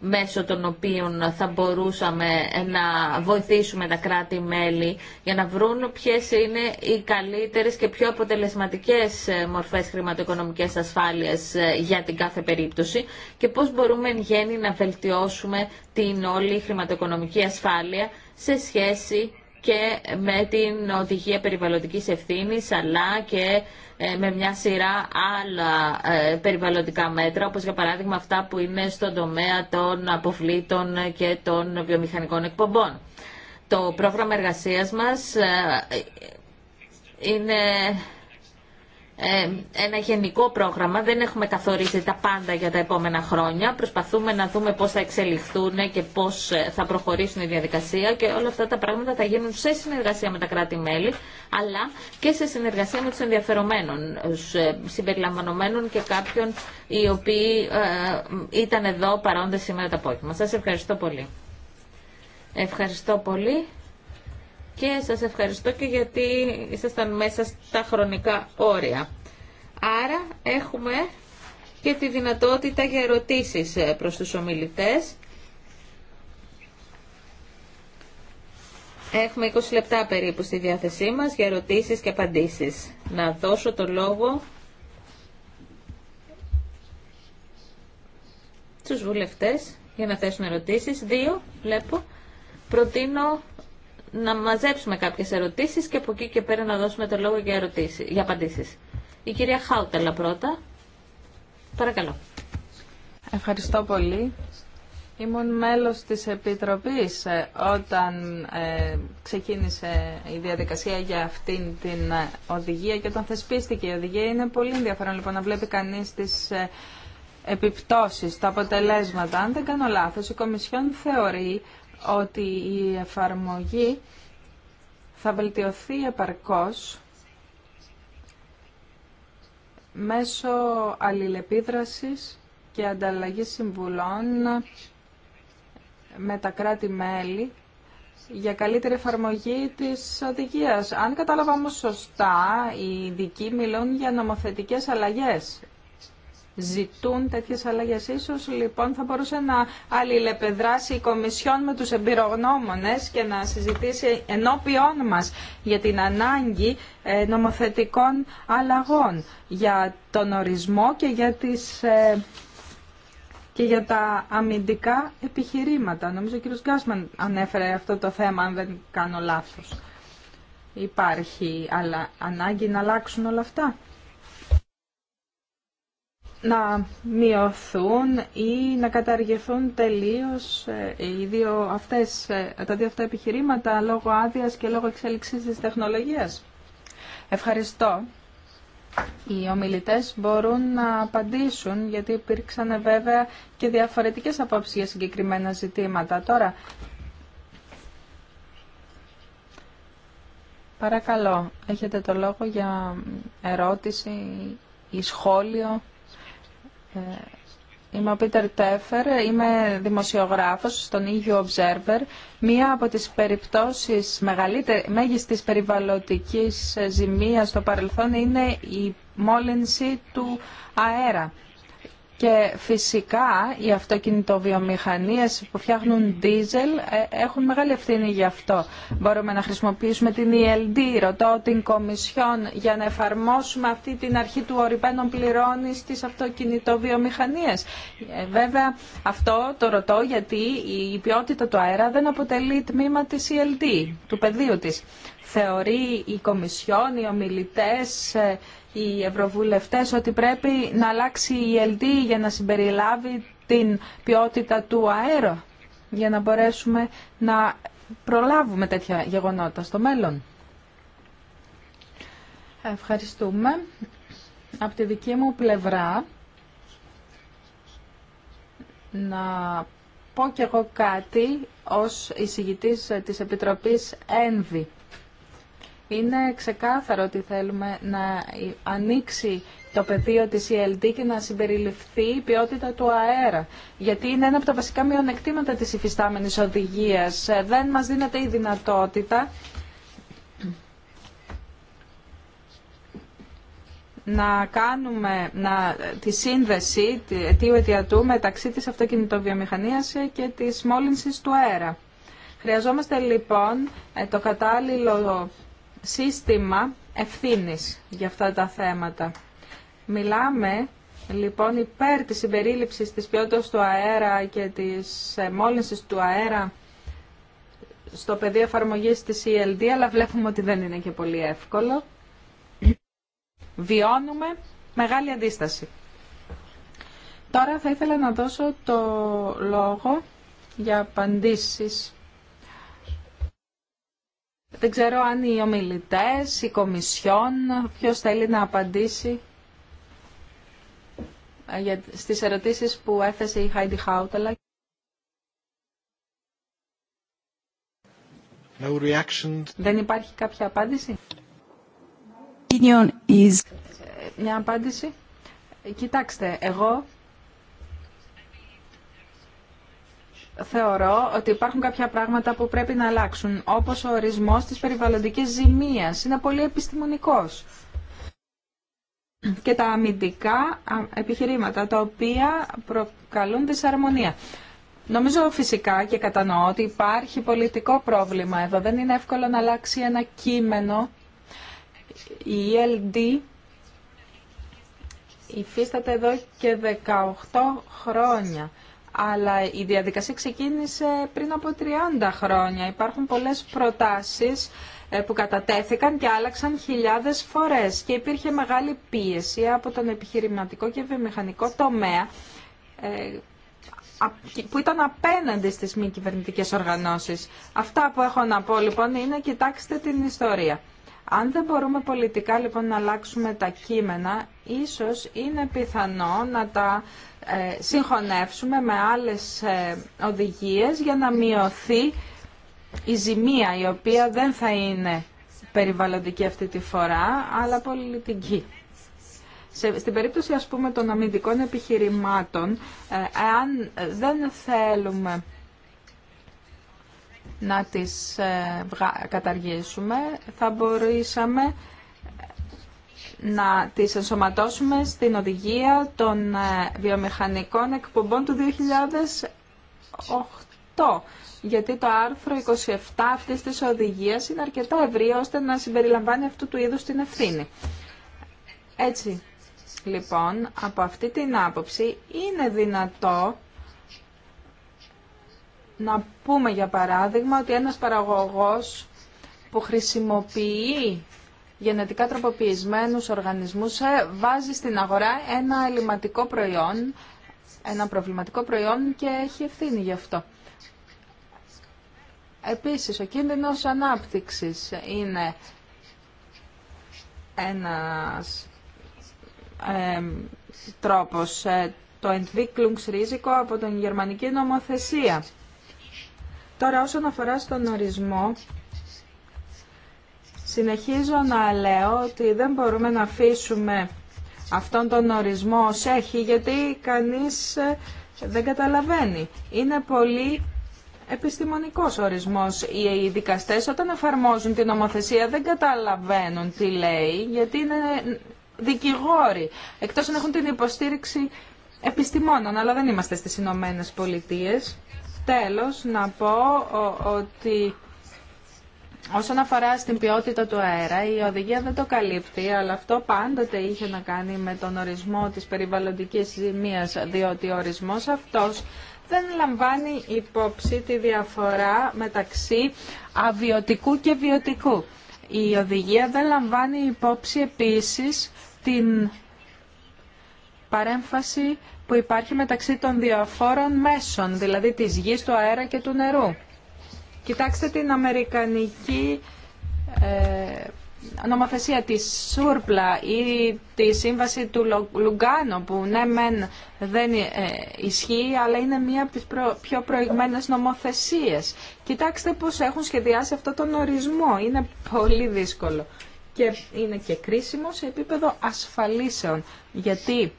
μέσω των οποίων θα μπορούσαμε να βοηθήσουμε τα κράτη-μέλη για να βρουν ποιες είναι οι καλύτερες και πιο αποτελεσματικές ε, μορφές χρηματοοικονομικής ασφάλειας ε, για την κάθε περίπτωση και πώς μπορούμε εν γέννη να βελτιώσουμε την όλη χρηματοοικονομική ασφάλεια σε σχέση και με την οδηγία περιβαλλοντικής ευθύνης αλλά και ε, με μια σειρά άλλα ε, περιβαλλοντικά μέτρα όπως για παράδειγμα αυτά που είναι στον τομέα των αποφλήτων και των βιομηχανικών εκπομπών. Το πρόγραμμα εργασίας μας ε, είναι ε, ένα γενικό πρόγραμμα. Δεν έχουμε καθορίσει τα πάντα για τα επόμενα χρόνια. Προσπαθούμε να δούμε πώς θα εξελιχθούν και πώς ε, θα προχωρήσουν η διαδικασία και όλα αυτά τα πράγματα θα γίνουν σε συνεργασία με τα κράτη-μέλη αλλά και σε συνεργασία με τους ενδιαφερομένων ε, συμπεριλαμβανομένων και κάποιων οι οποίοι ήταν εδώ παρόντες σήμερα το απόγευμα. Σας ευχαριστώ πολύ. Ευχαριστώ πολύ και σας ευχαριστώ και γιατί ήσασταν μέσα στα χρονικά όρια. Άρα έχουμε και τη δυνατότητα για ερωτήσεις ε, προς τους ομιλητές. Έχουμε 20 λεπτά περίπου στη διάθεσή μας για ερωτήσεις και απαντήσεις. Να δώσω το λόγο στους βουλευτές για να θέσουν ερωτήσεις. Δύο, βλέπω. Προτείνω να μαζέψουμε κάποιες ερωτήσεις και από εκεί και πέρα να δώσουμε το λόγο για, ερωτήσεις, για απαντήσεις. Η κυρία Χάουτελα πρώτα. Παρακαλώ. Ευχαριστώ πολύ. Ήμουν μέλος της Επιτροπής ε, όταν ε, ξεκίνησε η διαδικασία για αυτήν την ε, οδηγία και όταν θεσπίστηκε η οδηγία. Είναι πολύ ενδιαφέρον λοιπόν να βλέπει κανείς τις ε, επιπτώσεις, τα αποτελέσματα. Αν δεν κάνω λάθος, η Κομισιόν θεωρεί ότι η εφαρμογή θα βελτιωθεί επαρκώς μέσω αλληλεπίδρασης και ανταλλαγής συμβουλών με τα κράτη-μέλη για καλύτερη εφαρμογή της οδηγίας. Αν κατάλαβα όμως σωστά, οι ειδικοί μιλούν για νομοθετικές αλλαγές ζητούν τέτοιες αλλαγές. Ίσως λοιπόν θα μπορούσε να αλληλεπεδράσει η Κομισιόν με τους εμπειρογνώμονες και να συζητήσει ενώπιόν μας για την ανάγκη ε, νομοθετικών αλλαγών για τον ορισμό και για, τις, ε, και για τα αμυντικά επιχειρήματα. Νομίζω ο κ. Γκάσμαν ανέφερε αυτό το θέμα, αν δεν κάνω λάθος. Υπάρχει ανάγκη να αλλάξουν όλα αυτά να μειωθούν ή να καταργηθούν τελείως ε, οι δύο αυτές, ε, τα δύο αυτά επιχειρήματα λόγω άδειας και λόγω εξέλιξης της τεχνολογίας. Ευχαριστώ. Οι ομιλητές μπορούν να απαντήσουν γιατί υπήρξαν ε, βέβαια και διαφορετικές απόψεις για συγκεκριμένα ζητήματα. Τώρα, παρακαλώ, έχετε το λόγο για ερώτηση ή σχόλιο. Ε, είμαι ο Πίτερ Τέφερ, είμαι δημοσιογράφος στον EU Observer. Μία από τις περιπτώσεις μέγιστης περιβαλλοντικής ζημίας στο παρελθόν είναι η μόλυνση του αέρα. Και φυσικά οι αυτοκινητοβιομηχανίες που φτιάχνουν δίζελ ε, έχουν μεγάλη ευθύνη γι' αυτό. Μπορούμε να χρησιμοποιήσουμε την ELD, ρωτώ την Κομισιόν, για να εφαρμόσουμε αυτή την αρχή του ορυπαίνων πληρώνει στις αυτοκινητοβιομηχανίες. Ε, βέβαια αυτό το ρωτώ γιατί η ποιότητα του αέρα δεν αποτελεί τμήμα της ELD, του πεδίου της. Θεωρεί η Κομισιόν, οι ομιλητές ε, οι ευρωβουλευτές ότι πρέπει να αλλάξει η ΕΛΤΗ για να συμπεριλάβει την ποιότητα του αέρα για να μπορέσουμε να προλάβουμε τέτοια γεγονότα στο μέλλον. Ευχαριστούμε. Από τη δική μου πλευρά να πω κι εγώ κάτι ως εισηγητής της Επιτροπής ΕΝΒΗ. Είναι ξεκάθαρο ότι θέλουμε να ανοίξει το πεδίο της ELD και να συμπεριληφθεί η ποιότητα του αέρα. Γιατί είναι ένα από τα βασικά μειονεκτήματα της υφιστάμενης οδηγίας. Ε, δεν μας δίνεται η δυνατότητα να κάνουμε να, τη σύνδεση αιτίου αιτιατού μεταξύ της αυτοκινητοβιομηχανίας και της μόλυνσης του αέρα. Χρειαζόμαστε λοιπόν ε, το κατάλληλο σύστημα ευθύνης για αυτά τα θέματα. Μιλάμε λοιπόν υπέρ της συμπερίληψης της ποιότητας του αέρα και της μόλυνσης του αέρα στο πεδίο εφαρμογής της ELD, αλλά βλέπουμε ότι δεν είναι και πολύ εύκολο. Βιώνουμε μεγάλη αντίσταση. Τώρα θα ήθελα να δώσω το λόγο για απαντήσεις δεν ξέρω αν οι ομιλητές, η Κομισιόν, ποιος θέλει να απαντήσει ε, στις ερωτήσεις που έθεσε η Χάιντι Χάουταλα. Δεν υπάρχει κάποια απάντηση. Is... Ε, μια απάντηση. Ε, κοιτάξτε, εγώ θεωρώ ότι υπάρχουν κάποια πράγματα που πρέπει να αλλάξουν, όπως ο ορισμός της περιβαλλοντικής ζημίας. Είναι πολύ επιστημονικός. Και τα αμυντικά επιχειρήματα, τα οποία προκαλούν δυσαρμονία. Νομίζω φυσικά και κατανοώ ότι υπάρχει πολιτικό πρόβλημα εδώ. Δεν είναι εύκολο να αλλάξει ένα κείμενο. Η ELD υφίσταται εδώ και 18 χρόνια αλλά η διαδικασία ξεκίνησε πριν από 30 χρόνια. Υπάρχουν πολλές προτάσεις ε, που κατατέθηκαν και άλλαξαν χιλιάδες φορές και υπήρχε μεγάλη πίεση από τον επιχειρηματικό και βιομηχανικό τομέα ε, που ήταν απέναντι στις μη κυβερνητικέ οργανώσεις. Αυτά που έχω να πω λοιπόν είναι κοιτάξτε την ιστορία. Αν δεν μπορούμε πολιτικά λοιπόν να αλλάξουμε τα κείμενα, ίσως είναι πιθανό να τα ε, συγχωνεύσουμε με άλλες ε, οδηγίες για να μειωθεί η ζημία η οποία δεν θα είναι περιβαλλοντική αυτή τη φορά αλλά πολιτική. Στην περίπτωση ας πούμε των αμυντικών επιχειρημάτων, ε, εάν δεν θέλουμε να τις καταργήσουμε, θα μπορούσαμε να τις ενσωματώσουμε στην οδηγία των ε, βιομηχανικών εκπομπών του 2008. Γιατί το άρθρο 27 αυτής της οδηγίας είναι αρκετά ευρύ ώστε να συμπεριλαμβάνει αυτού του είδους την ευθύνη. Έτσι, λοιπόν, από αυτή την άποψη είναι δυνατό να πούμε για παράδειγμα ότι ένας παραγωγός που χρησιμοποιεί γενετικά τροποποιημένους οργανισμούς ε, βάζει στην αγορά ένα ελληματικό προϊόν, ένα προβληματικό προϊόν και έχει ευθύνη γι' αυτό. Επίσης, ο κίνδυνος ανάπτυξης είναι ένας ε, τρόπος, το Entwicklungsrisiko από την γερμανική νομοθεσία. Τώρα, όσον αφορά στον ορισμό, Συνεχίζω να λέω ότι δεν μπορούμε να αφήσουμε αυτόν τον ορισμό ως έχει γιατί κανείς ε, δεν καταλαβαίνει. Είναι πολύ επιστημονικός ορισμός. Οι δικαστές όταν εφαρμόζουν την νομοθεσία δεν καταλαβαίνουν τι λέει γιατί είναι δικηγόροι. Εκτός αν έχουν την υποστήριξη επιστημόνων, αλλά δεν είμαστε στις Ηνωμένε Πολιτείες. Τέλος, να πω ότι Όσον αφορά στην ποιότητα του αέρα, η οδηγία δεν το καλύπτει, αλλά αυτό πάντοτε είχε να κάνει με τον ορισμό της περιβαλλοντικής ζημίας, διότι ο ορισμός αυτός δεν λαμβάνει υπόψη τη διαφορά μεταξύ αβιωτικού και βιωτικού. Η οδηγία δεν λαμβάνει υπόψη επίσης την παρέμφαση που υπάρχει μεταξύ των διαφόρων μέσων, δηλαδή της γης, του αέρα και του νερού. Κοιτάξτε την αμερικανική ε, νομοθεσία της Σούρπλα ή τη σύμβαση του Λουγκάνο που ναι μεν δεν ε, ισχύει αλλά είναι μία από τις πιο προηγμένες νομοθεσίες. Κοιτάξτε πώς έχουν σχεδιάσει αυτό τον ορισμό. Είναι πολύ δύσκολο και είναι και κρίσιμο σε επίπεδο ασφαλίσεων γιατί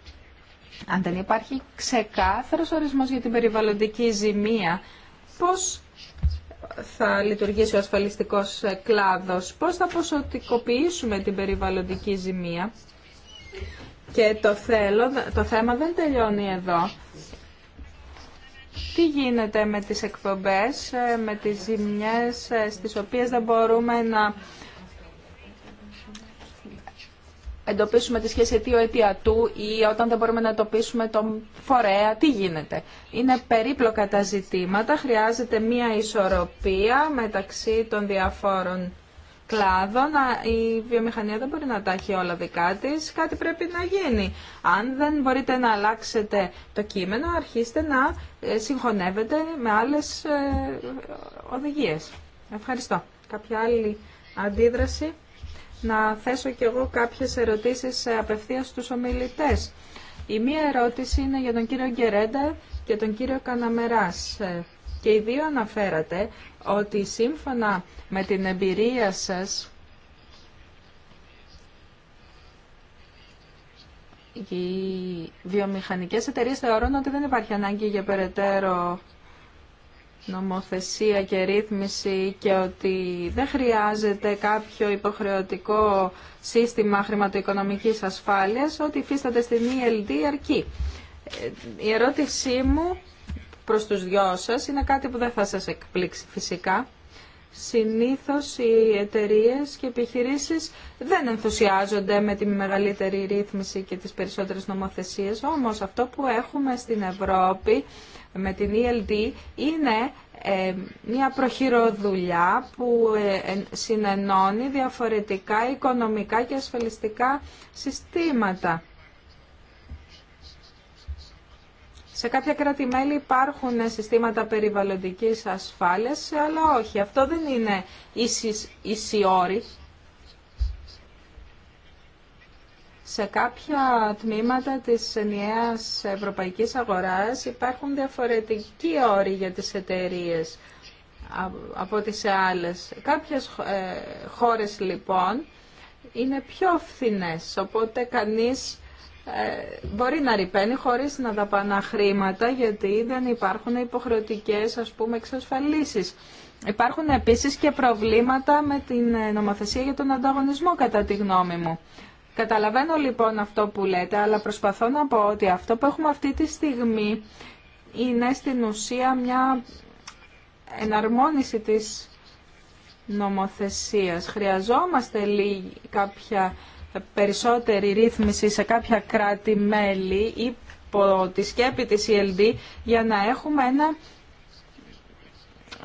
αν δεν υπάρχει ξεκάθαρος ορισμός για την περιβαλλοντική ζημία πώς θα λειτουργήσει ο ασφαλιστικός ε, κλάδος, πώς θα ποσοτικοποιήσουμε την περιβαλλοντική ζημία. Και το, θέλω, το θέμα δεν τελειώνει εδώ. Τι γίνεται με τις εκπομπές, ε, με τις ζημιές ε, στις οποίες δεν μπορούμε να εντοπίσουμε τη σχεση εντοπίσουμε το φορέα, τι γίνεται. Είναι περίπλοκα τα αιτίο-αιτία του ή όταν δεν μπορούμε να εντοπίσουμε τον φορέα, τι γίνεται. Είναι περίπλοκα τα ζητήματα, χρειάζεται μία ισορροπία μεταξύ των διαφόρων κλάδων. Η βιομηχανία δεν μπορεί να τα έχει όλα δικά της, κάτι πρέπει να γίνει. Αν δεν μπορείτε να αλλάξετε το κείμενο, αρχίστε να ε, συγχωνεύετε με άλλες ε, οδηγίες. Ευχαριστώ. Κάποια άλλη αντίδραση να θέσω κι εγώ κάποιες ερωτήσεις απευθείας στους ομιλητές. Η μία ερώτηση είναι για τον κύριο Γκερέντα και τον κύριο Καναμεράς. Και οι δύο αναφέρατε ότι σύμφωνα με την εμπειρία σας οι βιομηχανικές εταιρείες θεωρούν ότι δεν υπάρχει ανάγκη για περαιτέρω νομοθεσία και ρύθμιση και ότι δεν χρειάζεται κάποιο υποχρεωτικό σύστημα χρηματοοικονομικής ασφάλειας, ότι υφίσταται στην ELD αρκεί. Ε, η ερώτησή μου προς τους δυο σας είναι κάτι που δεν θα σας εκπλήξει φυσικά. Συνήθως οι εταιρείες και επιχειρήσεις δεν ενθουσιάζονται με τη μεγαλύτερη ρύθμιση και τις περισσότερες νομοθεσίες, όμως αυτό που έχουμε στην Ευρώπη με την ELD είναι ε, μια προχειροδουλειά που ε, συνενώνει διαφορετικά οικονομικά και ασφαλιστικά συστήματα. Σε κάποια κράτη-μέλη υπάρχουν συστήματα περιβαλλοντικής ασφάλειας, αλλά όχι. Αυτό δεν είναι ίσοι σε κάποια τμήματα της ενιαίας ευρωπαϊκής αγοράς υπάρχουν διαφορετικοί όροι για τις εταιρείε από τις άλλες. Κάποιες ε, χώρες λοιπόν είναι πιο φθηνές, οπότε κανείς ε, μπορεί να ρηπαίνει χωρίς να δαπανά χρήματα γιατί δεν υπάρχουν υποχρεωτικές ας πούμε εξασφαλίσεις. Υπάρχουν επίσης και προβλήματα με την ε, νομοθεσία για τον ανταγωνισμό κατά τη γνώμη μου. Καταλαβαίνω λοιπόν αυτό που λέτε, αλλά προσπαθώ να πω ότι αυτό που έχουμε αυτή τη στιγμή είναι στην ουσία μια εναρμόνιση της νομοθεσίας. Χρειαζόμαστε λίγη, κάποια περισσότερη ρύθμιση σε κάποια κράτη-μέλη υπό τη σκέπη της ELD για να έχουμε ένα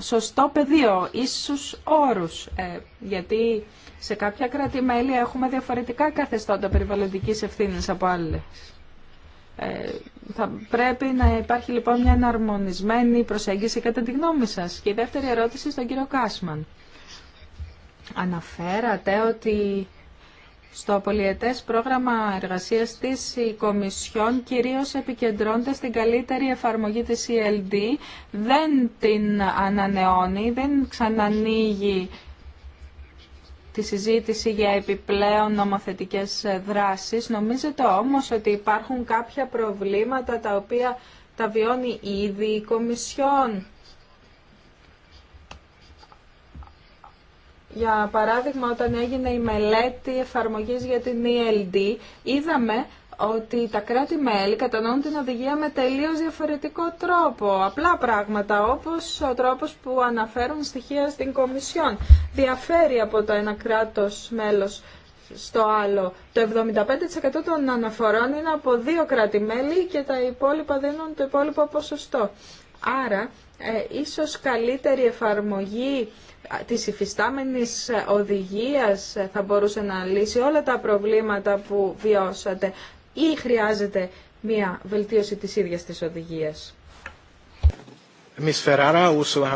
σωστό πεδίο, ίσους όρους, ε, γιατί σε κάποια κράτη-μέλη έχουμε διαφορετικά καθεστώτα περιβαλλοντικής ευθύνης από άλλες. Ε, θα πρέπει να υπάρχει λοιπόν μια εναρμονισμένη προσέγγιση κατά τη γνώμη σας. Και η δεύτερη ερώτηση στον κύριο Κάσμαν. Αναφέρατε ότι στο πολιετές πρόγραμμα εργασίας της η Κομισιόν κυρίως επικεντρώνεται στην καλύτερη εφαρμογή της ELD, δεν την ανανεώνει, δεν ξανανοίγει τη συζήτηση για επιπλέον νομοθετικές δράσεις. Νομίζετε όμως ότι υπάρχουν κάποια προβλήματα τα οποία τα βιώνει ήδη η Κομισιόν. Για παράδειγμα, όταν έγινε η μελέτη εφαρμογής για την ELD, είδαμε ότι τα κράτη-μέλη κατανοούν την οδηγία με τελείως διαφορετικό τρόπο. Απλά πράγματα, όπως ο τρόπος που αναφέρουν στοιχεία στην Κομισιόν. Διαφέρει από το ένα κράτος μέλος στο άλλο. Το 75% των αναφορών είναι από δύο κράτη-μέλη και τα υπόλοιπα δίνουν το υπόλοιπο ποσοστό. Άρα, ε, ίσως καλύτερη εφαρμογή ε, της υφιστάμενης ε, οδηγίας ε, θα μπορούσε να λύσει όλα τα προβλήματα που βιώσατε ή χρειάζεται μία βελτίωση της ίδιας της οδηγίας.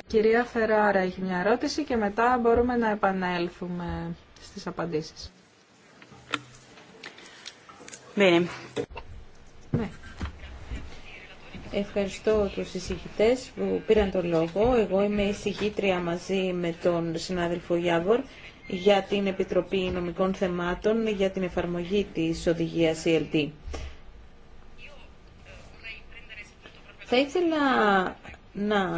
Κυρία Φεράρα έχει μια ερώτηση και μετά μπορούμε να επανέλθουμε στις απαντήσεις. Ναι. Ναι. Ευχαριστώ τους εισηγητές που πήραν τον λόγο. Εγώ είμαι εισηγήτρια μαζί με τον συνάδελφο Γιάβορ για την Επιτροπή Νομικών Θεμάτων για την εφαρμογή της οδηγίας ELT. Θα ήθελα να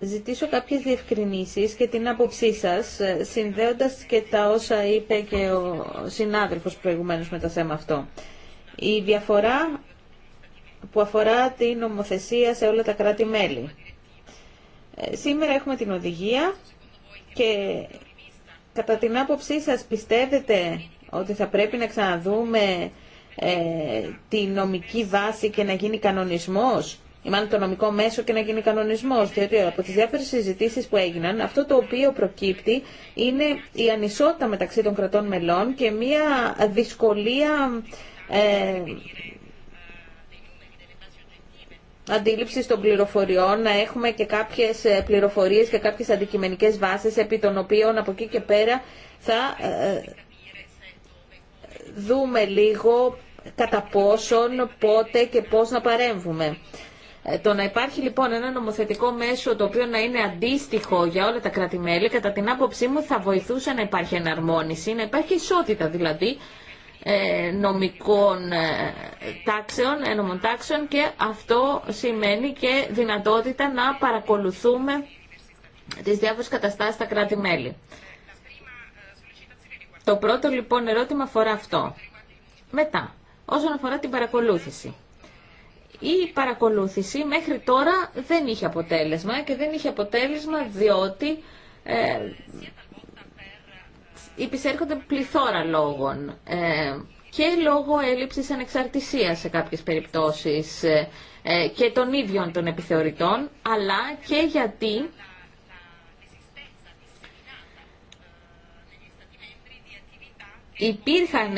ζητήσω κάποιες διευκρινήσεις και την άποψή σας, ε, συνδέοντας και τα όσα είπε και ο συνάδελφος προηγουμένως με το θέμα αυτό. Η διαφορά που αφορά την νομοθεσία σε όλα τα κράτη-μέλη. Σήμερα έχουμε την οδηγία και κατά την άποψή σας πιστεύετε ότι θα πρέπει να ξαναδούμε ε, τη νομική βάση και να γίνει κανονισμός ή μάλλον το νομικό μέσο και να γίνει κανονισμός διότι από τις διάφορες συζητήσεις που έγιναν αυτό το οποίο προκύπτει είναι η ανισότητα μεταξύ των κρατών μελών και μια δυσκολία ε, αντίληψης των πληροφοριών, να έχουμε και κάποιες ε, πληροφορίες και κάποιες αντικειμενικές βάσεις επί των οποίων από εκεί και πέρα θα ε, ε, δούμε λίγο κατά πόσον, πότε και πώς να παρέμβουμε. Το να υπάρχει λοιπόν ένα νομοθετικό μέσο το οποίο να είναι αντίστοιχο για όλα τα κράτη-μέλη, κατά την άποψή μου θα βοηθούσε να υπάρχει εναρμόνιση, να υπάρχει ισότητα δηλαδή, ε, νομικών ε, τάξεων, ένομων τάξεων και αυτό σημαίνει και δυνατότητα να παρακολουθούμε τις διάφορες καταστάσεις στα κράτη-μέλη. Το πρώτο λοιπόν ερώτημα αφορά αυτό. Μετά, όσον αφορά την παρακολούθηση. Η παρακολούθηση μέχρι τώρα δεν είχε αποτέλεσμα και δεν είχε αποτέλεσμα διότι ε, υπησέρχονται πληθώρα λόγων ε, και λόγω έλλειψης ανεξαρτησίας σε κάποιες περιπτώσεις ε, ε, και των ίδιων των επιθεωρητών, αλλά και γιατί υπήρχαν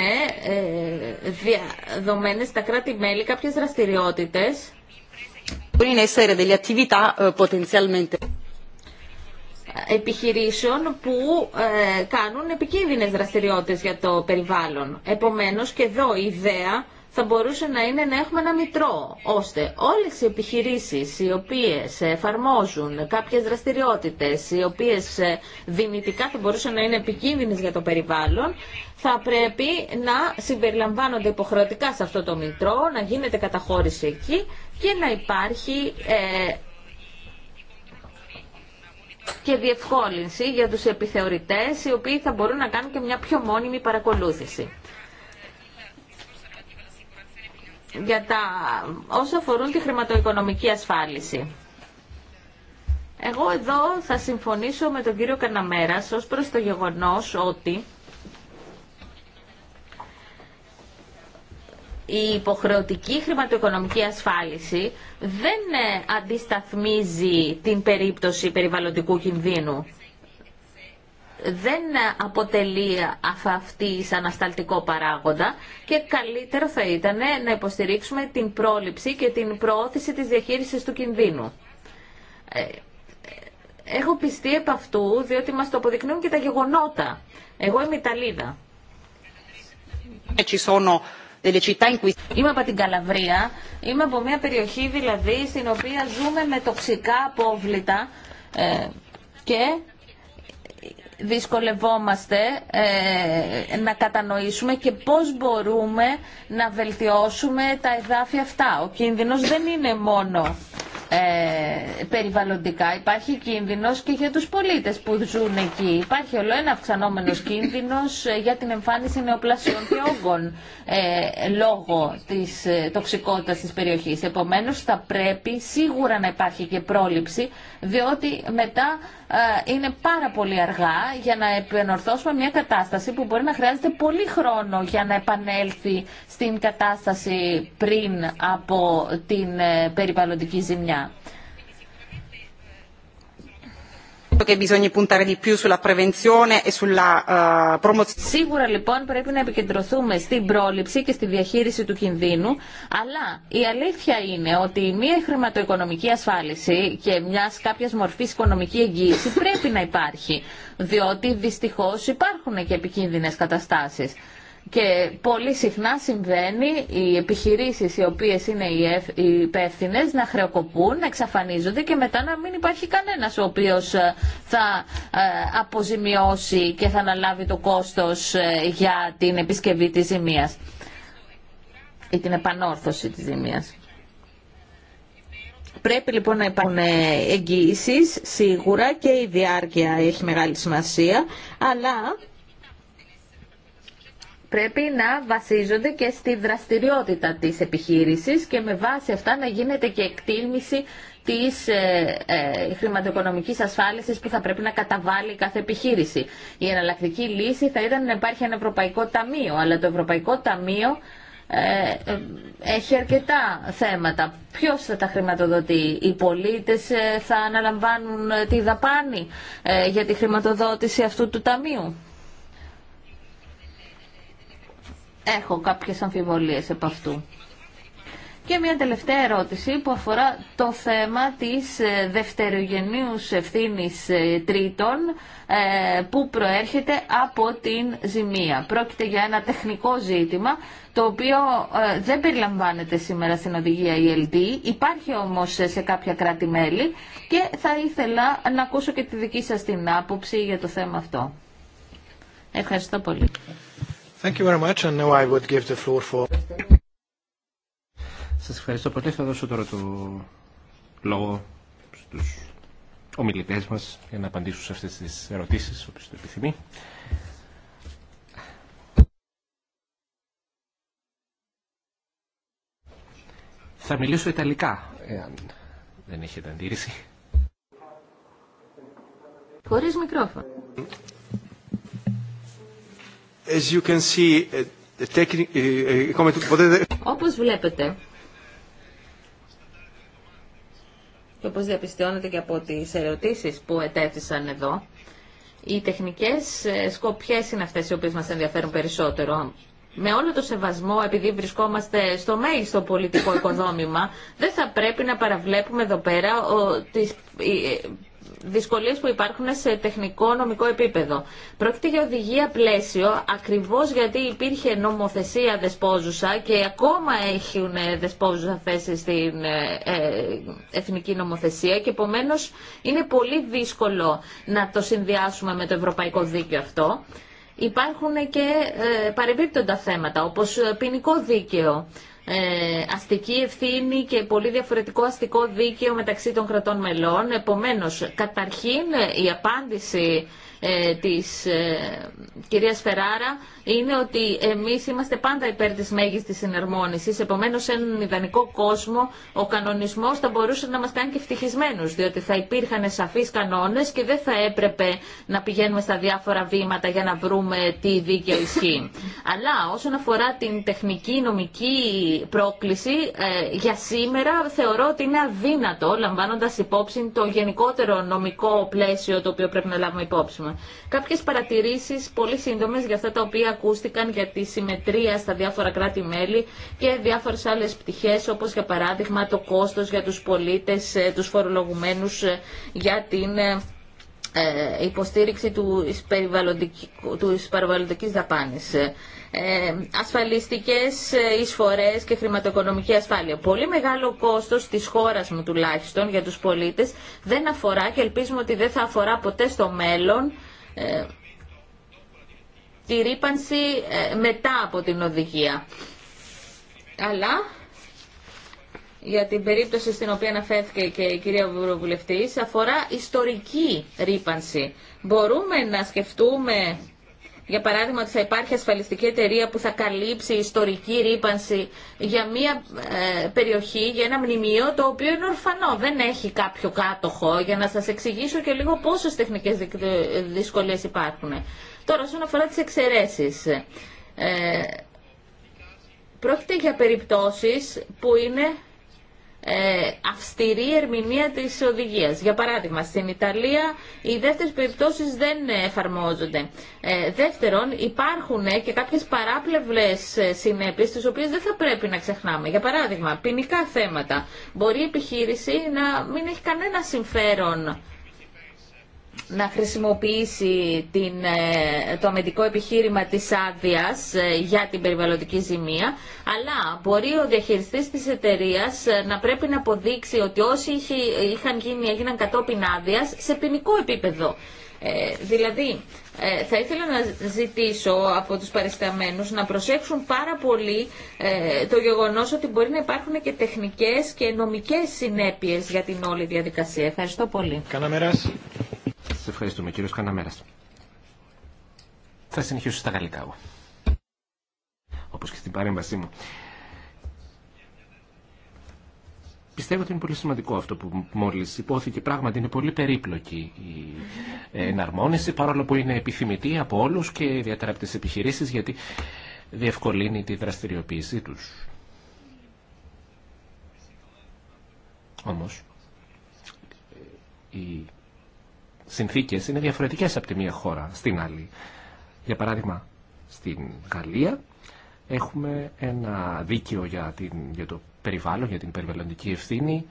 διαδομένες στα κράτη-μέλη κάποιες δραστηριότητες πριν essere delle attività eh, επιχειρήσεων που ε, κάνουν επικίνδυνες δραστηριότητες για το περιβάλλον. Επομένως και εδώ η ιδέα θα μπορούσε να είναι να έχουμε ένα μητρό, ώστε όλες οι επιχειρήσεις οι οποίες εφαρμόζουν κάποιες δραστηριότητες, οι οποίες ε, δυνητικά θα μπορούσαν να είναι επικίνδυνες για το περιβάλλον, θα πρέπει να συμπεριλαμβάνονται υποχρεωτικά σε αυτό το μητρό, να γίνεται καταχώρηση εκεί και να υπάρχει ε, και διευκόλυνση για τους επιθεωρητές οι οποίοι θα μπορούν να κάνουν και μια πιο μόνιμη παρακολούθηση. Για τα όσα αφορούν τη χρηματοοικονομική ασφάλιση. Εγώ εδώ θα συμφωνήσω με τον κύριο Καναμέρας ως προς το γεγονός ότι η υποχρεωτική χρηματοοικονομική ασφάλιση δεν ε, αντισταθμίζει την περίπτωση περιβαλλοντικού κινδύνου. Δεν ε, αποτελεί αυτή σαν ασταλτικό παράγοντα και καλύτερο θα ήταν ε, να υποστηρίξουμε την πρόληψη και την προώθηση της διαχείρισης του κινδύνου. Έχω πιστεί επ' αυτού, διότι μας το αποδεικνύουν και τα γεγονότα. Εγώ είμαι Ιταλίδα. Ε, είμαι από την Καλαβρία, είμαι από μια περιοχή δηλαδή στην οποία ζούμε με τοξικά απόβλητα ε, και δυσκολευόμαστε ε, να κατανοήσουμε και πώς μπορούμε να βελτιώσουμε τα εδάφια αυτά. Ο κίνδυνος δεν είναι μόνο ε, περιβαλλοντικά, υπάρχει κίνδυνος και για τους πολίτες που ζουν εκεί. Υπάρχει όλο ένα αυξανόμενος κίνδυνος ε, για την εμφάνιση νεοπλασιών και όγκων ε, λόγω της τοξικότητας της περιοχής. Επομένως θα πρέπει σίγουρα να υπάρχει και πρόληψη, διότι μετά ε, είναι πάρα πολύ αργά για να επενορθώσουμε μια κατάσταση που μπορεί να χρειάζεται πολύ χρόνο για να επανέλθει στην κατάσταση πριν από την ε, περιβαλλοντική ζημιά. Σίγουρα λοιπόν πρέπει να επικεντρωθούμε στην πρόληψη και στη διαχείριση του κινδύνου, αλλά η αλήθεια είναι ότι μια χρηματοοικονομική ασφάλιση και μια κάποια μορφή οικονομική εγγύηση πρέπει να υπάρχει, διότι δυστυχώ υπάρχουν και επικίνδυνε καταστάσει. Και πολύ συχνά συμβαίνει οι επιχειρήσεις οι οποίες είναι οι υπεύθυνε να χρεοκοπούν, να εξαφανίζονται και μετά να μην υπάρχει κανένας ο οποίος ε, θα ε, αποζημιώσει και θα αναλάβει το κόστος ε, για την επισκευή της ζημίας ή την επανόρθωση της ζημίας. Πρέπει λοιπόν να υπάρχουν εγγύησει σίγουρα και η διάρκεια έχει μεγάλη σημασία, αλλά πρέπει να βασίζονται και στη δραστηριότητα της επιχείρησης και με βάση αυτά να γίνεται και εκτίμηση της ε, ε, χρηματοοικονομικής ασφάλισης που θα πρέπει να καταβάλει κάθε επιχείρηση. Η εναλλακτική λύση θα ήταν να υπάρχει ένα Ευρωπαϊκό Ταμείο, αλλά το Ευρωπαϊκό Ταμείο ε, ε, έχει αρκετά θέματα. Ποιος θα τα χρηματοδοτεί, οι πολίτες ε, θα αναλαμβάνουν τη δαπάνη για τη χρηματοδότηση αυτού του ταμείου. έχω κάποιες αμφιβολίες επ' αυτού. Και μια τελευταία ερώτηση που αφορά το θέμα της ε, δευτερογενείους ευθύνης ε, τρίτων ε, που προέρχεται από την ζημία. Πρόκειται για ένα τεχνικό ζήτημα το οποίο δεν περιλαμβάνεται σήμερα στην οδηγία ELD, υπάρχει όμως σε κάποια κράτη-μέλη και θα ήθελα να ακούσω και τη δική σας την άποψη για το θέμα αυτό. Ευχαριστώ πολύ. Thank you very much and now I would give the floor for... Σας ευχαριστώ πολύ. Θα δώσω τώρα το λόγο στους ομιλητές μας για να απαντήσουν σε αυτές τις ερωτήσεις, όπως το επιθυμεί. Θα μιλήσω Ιταλικά, εάν δεν έχετε αντίρρηση. Χωρίς μικρόφωνο. As όπως βλέπετε και όπως διαπιστώνετε και από τις ερωτήσεις που ετέθησαν εδώ, οι τεχνικές ε, σκοπιές είναι αυτές οι οποίες μας ενδιαφέρουν περισσότερο. Με όλο το σεβασμό, επειδή βρισκόμαστε στο μέγιστο πολιτικό οικοδόμημα, δεν θα πρέπει να παραβλέπουμε εδώ πέρα τις ε, δυσκολίες που υπάρχουν σε τεχνικό νομικό επίπεδο. Πρόκειται για οδηγία πλαίσιο, ακριβώς γιατί υπήρχε νομοθεσία δεσπόζουσα και ακόμα έχουν ε, δεσπόζουσα θέση στην ε, ε, εθνική νομοθεσία και επομένω είναι πολύ δύσκολο να το συνδυάσουμε με το ευρωπαϊκό δίκαιο αυτό. Υπάρχουν και παρεμπίπτοντα θέματα, όπως ποινικό δίκαιο, ε, αστική ευθύνη και πολύ διαφορετικό αστικό δίκαιο μεταξύ των κρατών μελών. Επομένως, καταρχήν ε, η απάντηση ε, της κυρίας Φεράρα είναι ότι εμεί είμαστε πάντα υπέρ τη μέγιστη συναρμόνιση. επομένω σε έναν ιδανικό κόσμο ο κανονισμό θα μπορούσε να μα κάνει και ευτυχισμένου, διότι θα υπήρχαν σαφεί κανόνε και δεν θα έπρεπε να πηγαίνουμε στα διάφορα βήματα για να βρούμε τι δίκαιο ισχύει. Αλλά όσον αφορά την τεχνική νομική πρόκληση, ε, για σήμερα θεωρώ ότι είναι αδύνατο, λαμβάνοντα υπόψη το γενικότερο νομικό πλαίσιο το οποίο πρέπει να λάβουμε υπόψη μα. Κάποιε παρατηρήσει πολύ σύντομε για αυτά τα οποία ακούστηκαν για τη συμμετρία στα διάφορα κράτη-μέλη και διάφορες άλλες πτυχές όπως για παράδειγμα το κόστος για τους πολίτες, ε, τους φορολογουμένους ε, για την ε, υποστήριξη του περιβαλλοντικής δαπάνης. Ε, ασφαλιστικές εισφορές και χρηματοοικονομική ασφάλεια. Πολύ μεγάλο κόστος της χώρας μου τουλάχιστον για τους πολίτες δεν αφορά και ελπίζουμε ότι δεν θα αφορά ποτέ στο μέλλον τη ρήπανση ε, μετά από την οδηγία. Αλλά για την περίπτωση στην οποία αναφέρθηκε και η κυρία Βουλευτής αφορά ιστορική ρήπανση. Μπορούμε να σκεφτούμε για παράδειγμα ότι θα υπάρχει ασφαλιστική εταιρεία που θα καλύψει ιστορική ρήπανση για μια ε, περιοχή, για ένα μνημείο το οποίο είναι ορφανό, δεν έχει κάποιο κάτοχο για να σας εξηγήσω και λίγο πόσες τεχνικές δυσκολίες υπάρχουν. Τώρα, όσον αφορά τις εξαιρέσεις, ε, πρόκειται για περιπτώσεις που είναι ε, αυστηρή ερμηνεία της οδηγίας. Για παράδειγμα, στην Ιταλία οι δεύτερες περιπτώσεις δεν εφαρμόζονται. Ε, δεύτερον, υπάρχουν και κάποιες παράπλευρες συνέπειες τις οποίες δεν θα πρέπει να ξεχνάμε. Για παράδειγμα, ποινικά θέματα. Μπορεί η επιχείρηση να μην έχει κανένα συμφέρον να χρησιμοποιήσει την, ε, το αμυντικό επιχείρημα της άδεια ε, για την περιβαλλοντική ζημία, αλλά μπορεί ο διαχειριστής της εταιρεία ε, να πρέπει να αποδείξει ότι όσοι είχαν γίνει έγιναν κατόπιν άδεια σε ποινικό επίπεδο. δηλαδή, θα ήθελα να ζητήσω από τους παρισταμένους να προσέξουν πάρα πολύ το γεγονός ότι μπορεί να υπάρχουν και τεχνικές και νομικές συνέπειες για την όλη διαδικασία. Ευχαριστώ πολύ ευχαριστούμε. Κύριος Καναμέρας. Θα συνεχίσω στα γαλλικά εγώ. Όπως και στην παρέμβασή μου. Πιστεύω ότι είναι πολύ σημαντικό αυτό που μόλι υπόθηκε. Πράγματι είναι πολύ περίπλοκη η εναρμόνιση, παρόλο που είναι επιθυμητή από όλους και ιδιαίτερα από τι επιχειρήσεις, γιατί διευκολύνει τη δραστηριοποίησή τους. Όμως, η συνθήκες είναι διαφορετικές από τη μία χώρα στην άλλη. Για παράδειγμα, στην Γαλλία έχουμε ένα δίκαιο για, την, για το περιβάλλον, για την περιβαλλοντική ευθύνη,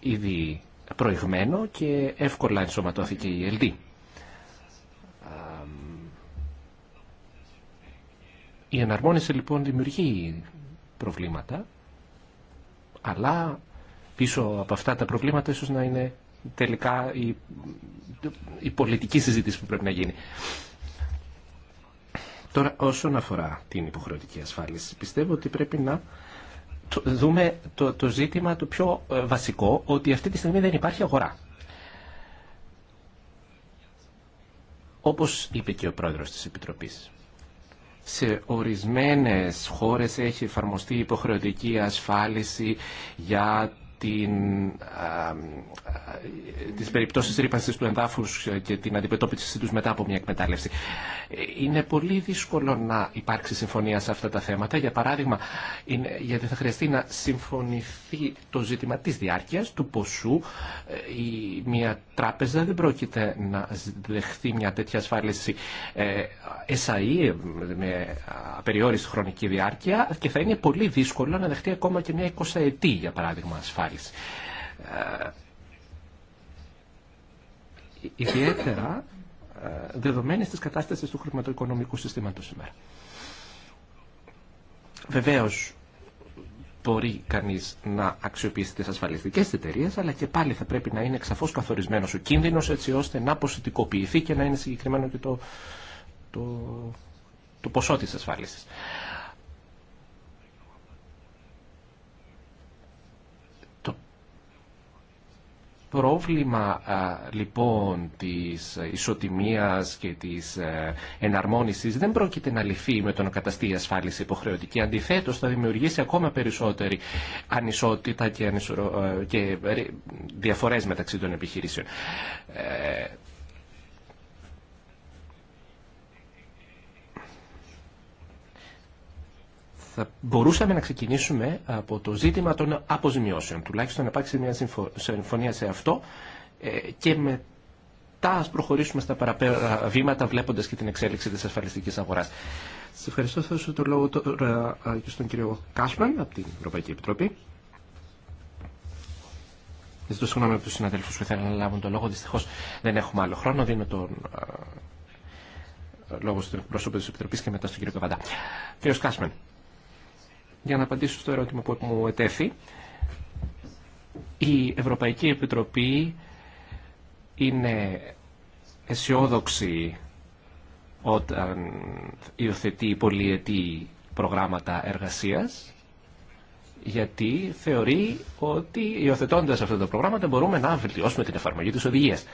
ήδη προηγμένο και εύκολα ενσωματώθηκε η ΕΛΔΗ. Η εναρμόνιση λοιπόν δημιουργεί προβλήματα, αλλά πίσω από αυτά τα προβλήματα ίσως να είναι τελικά η, η πολιτική συζήτηση που πρέπει να γίνει. Τώρα όσον αφορά την υποχρεωτική ασφάλιση, πιστεύω ότι πρέπει να δούμε το, ζήτημα το πιο ε, βασικό, ότι αυτή τη στιγμή δεν υπάρχει αγορά. Όπως είπε και ο πρόεδρος της Επιτροπής, σε ορισμένες χώρες έχει εφαρμοστεί υποχρεωτική ασφάλιση για την, α, ε, τις περιπτώσεις ρήπανσης του εδάφους ε, και την αντιμετώπιση τους μετά από μια εκμετάλλευση. Είναι πολύ δύσκολο να υπάρξει συμφωνία σε αυτά τα θέματα. Για παράδειγμα, είναι, γιατί θα χρειαστεί να συμφωνηθεί το ζήτημα της διάρκειας, του ποσού. Ε, η, μια τράπεζα δεν πρόκειται να δεχθεί μια τέτοια ασφάλιση ε, SAE με απεριόριστη χρονική διάρκεια και θα είναι πολύ δύσκολο να δεχτεί ακόμα και μια 20 ετή, για παράδειγμα, ασφάλιση. Ε, ιδιαίτερα ε, δεδομένη της κατάστασης του χρηματοοικονομικού συστήματος σήμερα. Βεβαίως, μπορεί κανείς να αξιοποιήσει τι ασφαλιστικέ εταιρείε, αλλά και πάλι θα πρέπει να είναι σαφώ καθορισμένο ο κίνδυνο έτσι ώστε να ποσοτικοποιηθεί και να είναι συγκεκριμένο και το, το, το ποσό της ασφάλισης. πρόβλημα λοιπόν της ισοτιμίας και της ε, εναρμόνισης δεν πρόκειται να λυθεί με τον καταστή ασφάλιση υποχρεωτική. Αντιθέτως θα δημιουργήσει ακόμα περισσότερη ανισότητα και, ανισορο... Ε, και ε, διαφορές μεταξύ των επιχειρήσεων. θα μπορούσαμε να ξεκινήσουμε από το ζήτημα των αποζημιώσεων. Τουλάχιστον να υπάρξει μια συμφωνία σε αυτό ε, και μετά ας προχωρήσουμε στα παραπέρα βήματα βλέποντας και την εξέλιξη της ασφαλιστικής αγοράς. Σας ευχαριστώ. Θα δώσω το λόγο τώρα και στον κύριο Κάσμαν από την Ευρωπαϊκή Επιτροπή. Ζητώ συγγνώμη από τους συναδέλφους που ήθελαν να λάβουν το λόγο. Δυστυχώς δεν έχουμε άλλο χρόνο. Δίνω τον λόγο στον πρόσωπο της Επιτροπής και μετά στον κύριο Καβαντά. Κύριος Κάσμαν για να απαντήσω στο ερώτημα που μου ετέθη. Η Ευρωπαϊκή Επιτροπή είναι αισιόδοξη όταν υιοθετεί πολυετή προγράμματα εργασίας γιατί θεωρεί ότι υιοθετώντα αυτά τα προγράμματα μπορούμε να βελτιώσουμε την εφαρμογή της οδηγίας.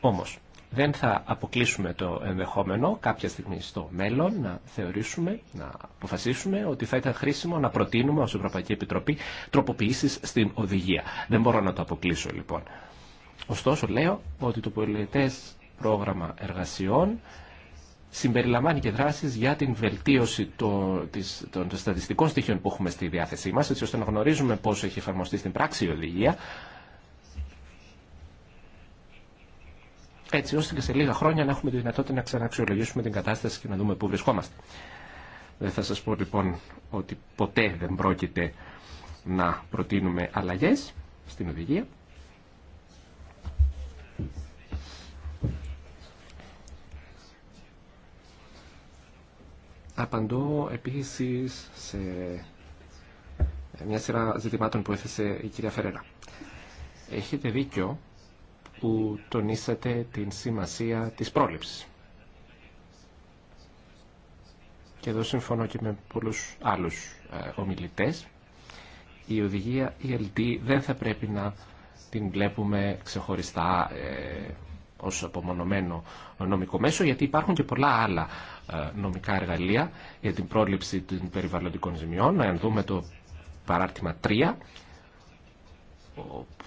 Όμως, δεν θα αποκλείσουμε το ενδεχόμενο κάποια στιγμή στο μέλλον να θεωρήσουμε, να αποφασίσουμε ότι θα ήταν χρήσιμο να προτείνουμε ως Ευρωπαϊκή Επιτροπή τροποποιήσεις στην οδηγία. Δεν μπορώ να το αποκλείσω λοιπόν. Ωστόσο λέω ότι το πολιτές πρόγραμμα εργασιών συμπεριλαμβάνει και δράσει για την βελτίωση των, της, των στατιστικών στοιχείων που έχουμε στη διάθεσή μα, έτσι ώστε να γνωρίζουμε πώς έχει εφαρμοστεί στην πράξη η οδηγία, έτσι ώστε και σε λίγα χρόνια να έχουμε τη δυνατότητα να ξαναξιολογήσουμε την κατάσταση και να δούμε πού βρισκόμαστε. Δεν θα σας πω λοιπόν ότι ποτέ δεν πρόκειται να προτείνουμε αλλαγές στην οδηγία. Απαντώ επίσης σε μια σειρά ζητημάτων που έθεσε η κυρία Φερέρα. Έχετε δίκιο που τονίσατε την σημασία της πρόληψης. Και εδώ συμφωνώ και με πολλούς άλλους ε, ομιλητές. Η οδηγία ELD δεν θα πρέπει να την βλέπουμε ξεχωριστά ε, ως απομονωμένο νομικό μέσο, γιατί υπάρχουν και πολλά άλλα ε, νομικά εργαλεία για την πρόληψη των περιβαλλοντικών ζημιών. Αν δούμε το παράρτημα 3,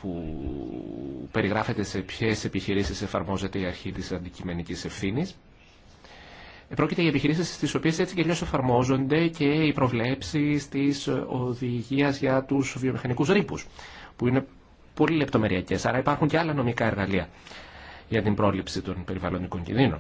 που περιγράφεται σε ποιες επιχειρήσεις εφαρμόζεται η αρχή της αντικειμενικής ευθύνης. Πρόκειται για επιχειρήσεις στις οποίες έτσι και εφαρμόζονται και οι προβλέψεις της οδηγίας για τους βιομηχανικούς ρήπους, που είναι πολύ λεπτομεριακές, άρα υπάρχουν και άλλα νομικά εργαλεία για την πρόληψη των περιβαλλοντικών κινδύνων.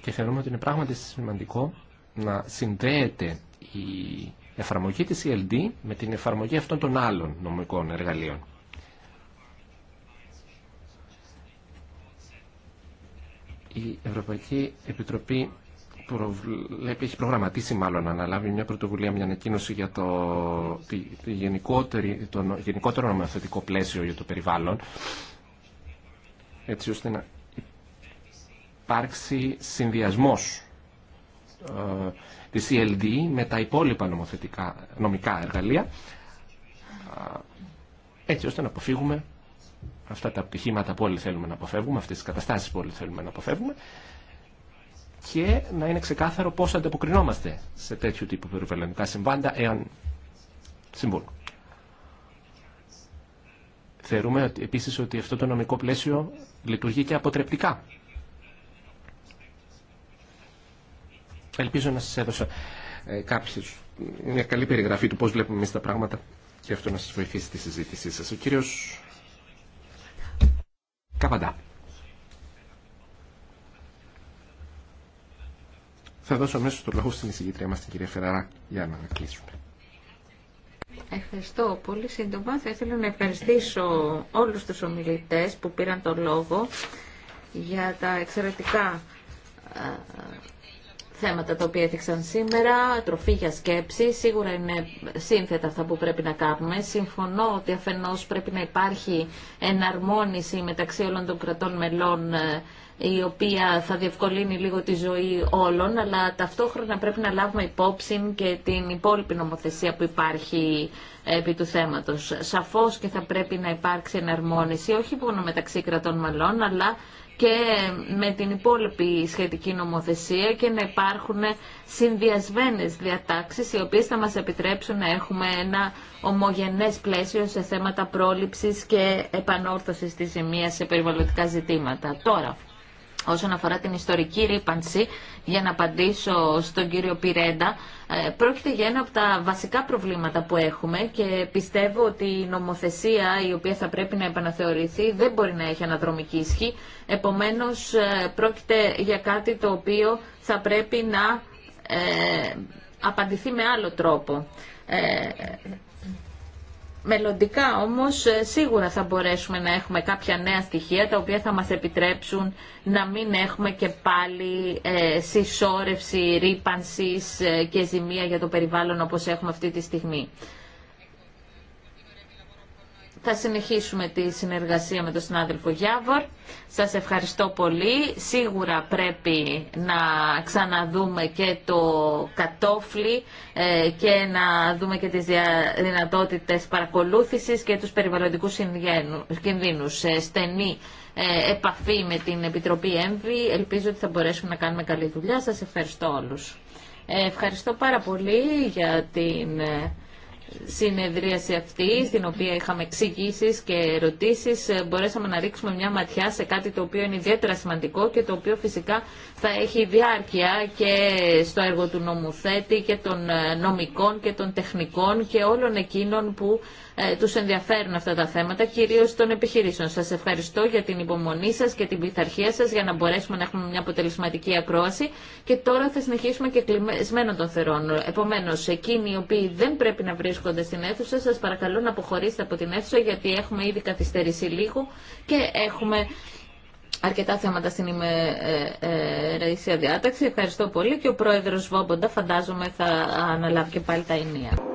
Και θεωρούμε ότι είναι πράγματι σημαντικό να συνδέεται η εφαρμογή της ELD με την εφαρμογή αυτών των άλλων νομικών εργαλείων. Η Ευρωπαϊκή Επιτροπή προβλέπει, έχει προγραμματίσει μάλλον να αναλάβει μια πρωτοβουλία, μια ανακοίνωση για το, τη, γενικότερη, το γενικότερο νομοθετικό πλαίσιο για το περιβάλλον, έτσι ώστε να υπάρξει συνδυασμός της CLD με τα υπόλοιπα νομοθετικά, νομικά εργαλεία έτσι ώστε να αποφύγουμε αυτά τα πτυχήματα που όλοι θέλουμε να αποφεύγουμε, αυτές τις καταστάσεις που όλοι θέλουμε να αποφεύγουμε και να είναι ξεκάθαρο πώς ανταποκρινόμαστε σε τέτοιου τύπου περιβαλλοντικά συμβάντα εάν συμβούν. Θεωρούμε επίσης ότι αυτό το νομικό πλαίσιο λειτουργεί και αποτρεπτικά Ελπίζω να σας έδωσα ε, κάποιες, μια καλή περιγραφή του πώς βλέπουμε εμεί τα πράγματα και αυτό να σας βοηθήσει τη συζήτησή σας. Ο κύριος Καπαντά. Θα δώσω αμέσως το λόγο στην εισηγήτρια μα την κυρία Φεραρά, για να κλείσουμε. Ευχαριστώ πολύ σύντομα. Θα ήθελα να ευχαριστήσω όλους τους ομιλητές που πήραν το λόγο για τα εξαιρετικά ε, θέματα τα οποία έθιξαν σήμερα, τροφή για σκέψη, σίγουρα είναι σύνθετα αυτά που πρέπει να κάνουμε. Συμφωνώ ότι αφενός πρέπει να υπάρχει εναρμόνιση μεταξύ όλων των κρατών μελών ε, η οποία θα διευκολύνει λίγο τη ζωή όλων, αλλά ταυτόχρονα πρέπει να λάβουμε υπόψη και την υπόλοιπη νομοθεσία που υπάρχει επί του θέματος. Σαφώς και θα πρέπει να υπάρξει εναρμόνιση, όχι μόνο μεταξύ κρατών μελών, αλλά και με την υπόλοιπη σχετική νομοθεσία και να υπάρχουν συνδυασμένες διατάξεις οι οποίες θα μας επιτρέψουν να έχουμε ένα ομογενές πλαίσιο σε θέματα πρόληψης και επανόρθωσης της ζημίας σε περιβαλλοντικά ζητήματα. Τώρα, όσον αφορά την ιστορική ρήπανση, για να απαντήσω στον κύριο Πυρέντα, ε, πρόκειται για ένα από τα βασικά προβλήματα που έχουμε και πιστεύω ότι η νομοθεσία η οποία θα πρέπει να επαναθεωρηθεί δεν μπορεί να έχει αναδρομική ισχύ. Επομένως, ε, πρόκειται για κάτι το οποίο θα πρέπει να ε, απαντηθεί με άλλο τρόπο. Μελλοντικά όμως ε, σίγουρα θα μπορέσουμε να έχουμε κάποια νέα στοιχεία τα οποία θα μας επιτρέψουν να μην έχουμε και πάλι ε, συσσόρευση, ρήπανσης ε, και ζημία για το περιβάλλον όπως έχουμε αυτή τη στιγμή. Θα συνεχίσουμε τη συνεργασία με τον συνάδελφο Γιάβορ. Σας ευχαριστώ πολύ. Σίγουρα πρέπει να ξαναδούμε και το κατόφλι ε, και να δούμε και τις δυνατότητες παρακολούθησης και τους περιβαλλοντικούς κινδύνους. Στενή ε, επαφή με την Επιτροπή ΕΜΒΗ. Ελπίζω ότι θα μπορέσουμε να κάνουμε καλή δουλειά. Σας ευχαριστώ όλους. Ε, ευχαριστώ πάρα πολύ για την συνεδρίαση αυτή, στην οποία είχαμε εξηγήσει και ερωτήσει, ε, μπορέσαμε να ρίξουμε μια ματιά σε κάτι το οποίο είναι ιδιαίτερα σημαντικό και το οποίο φυσικά θα έχει διάρκεια και στο έργο του νομοθέτη και των ε, νομικών και των τεχνικών και όλων εκείνων που ε, τους ενδιαφέρουν αυτά τα θέματα, κυρίως των επιχειρήσεων. Σας ευχαριστώ για την υπομονή σας και την πειθαρχία σας για να μπορέσουμε να έχουμε μια αποτελεσματική ακρόαση και τώρα θα συνεχίσουμε και κλεισμένο των θερών. Επομένως, εκείνοι οι οποίοι δεν πρέπει να βρίσκονται στην αίθουσα, σας παρακαλώ να αποχωρήσετε από την αίθουσα γιατί έχουμε ήδη καθυστερήσει λίγο και έχουμε αρκετά θέματα στην ημερήσια ε, ε, διάταξη. Ευχαριστώ πολύ και ο πρόεδρος Βόμποντα φαντάζομαι θα αναλάβει και πάλι τα ενία.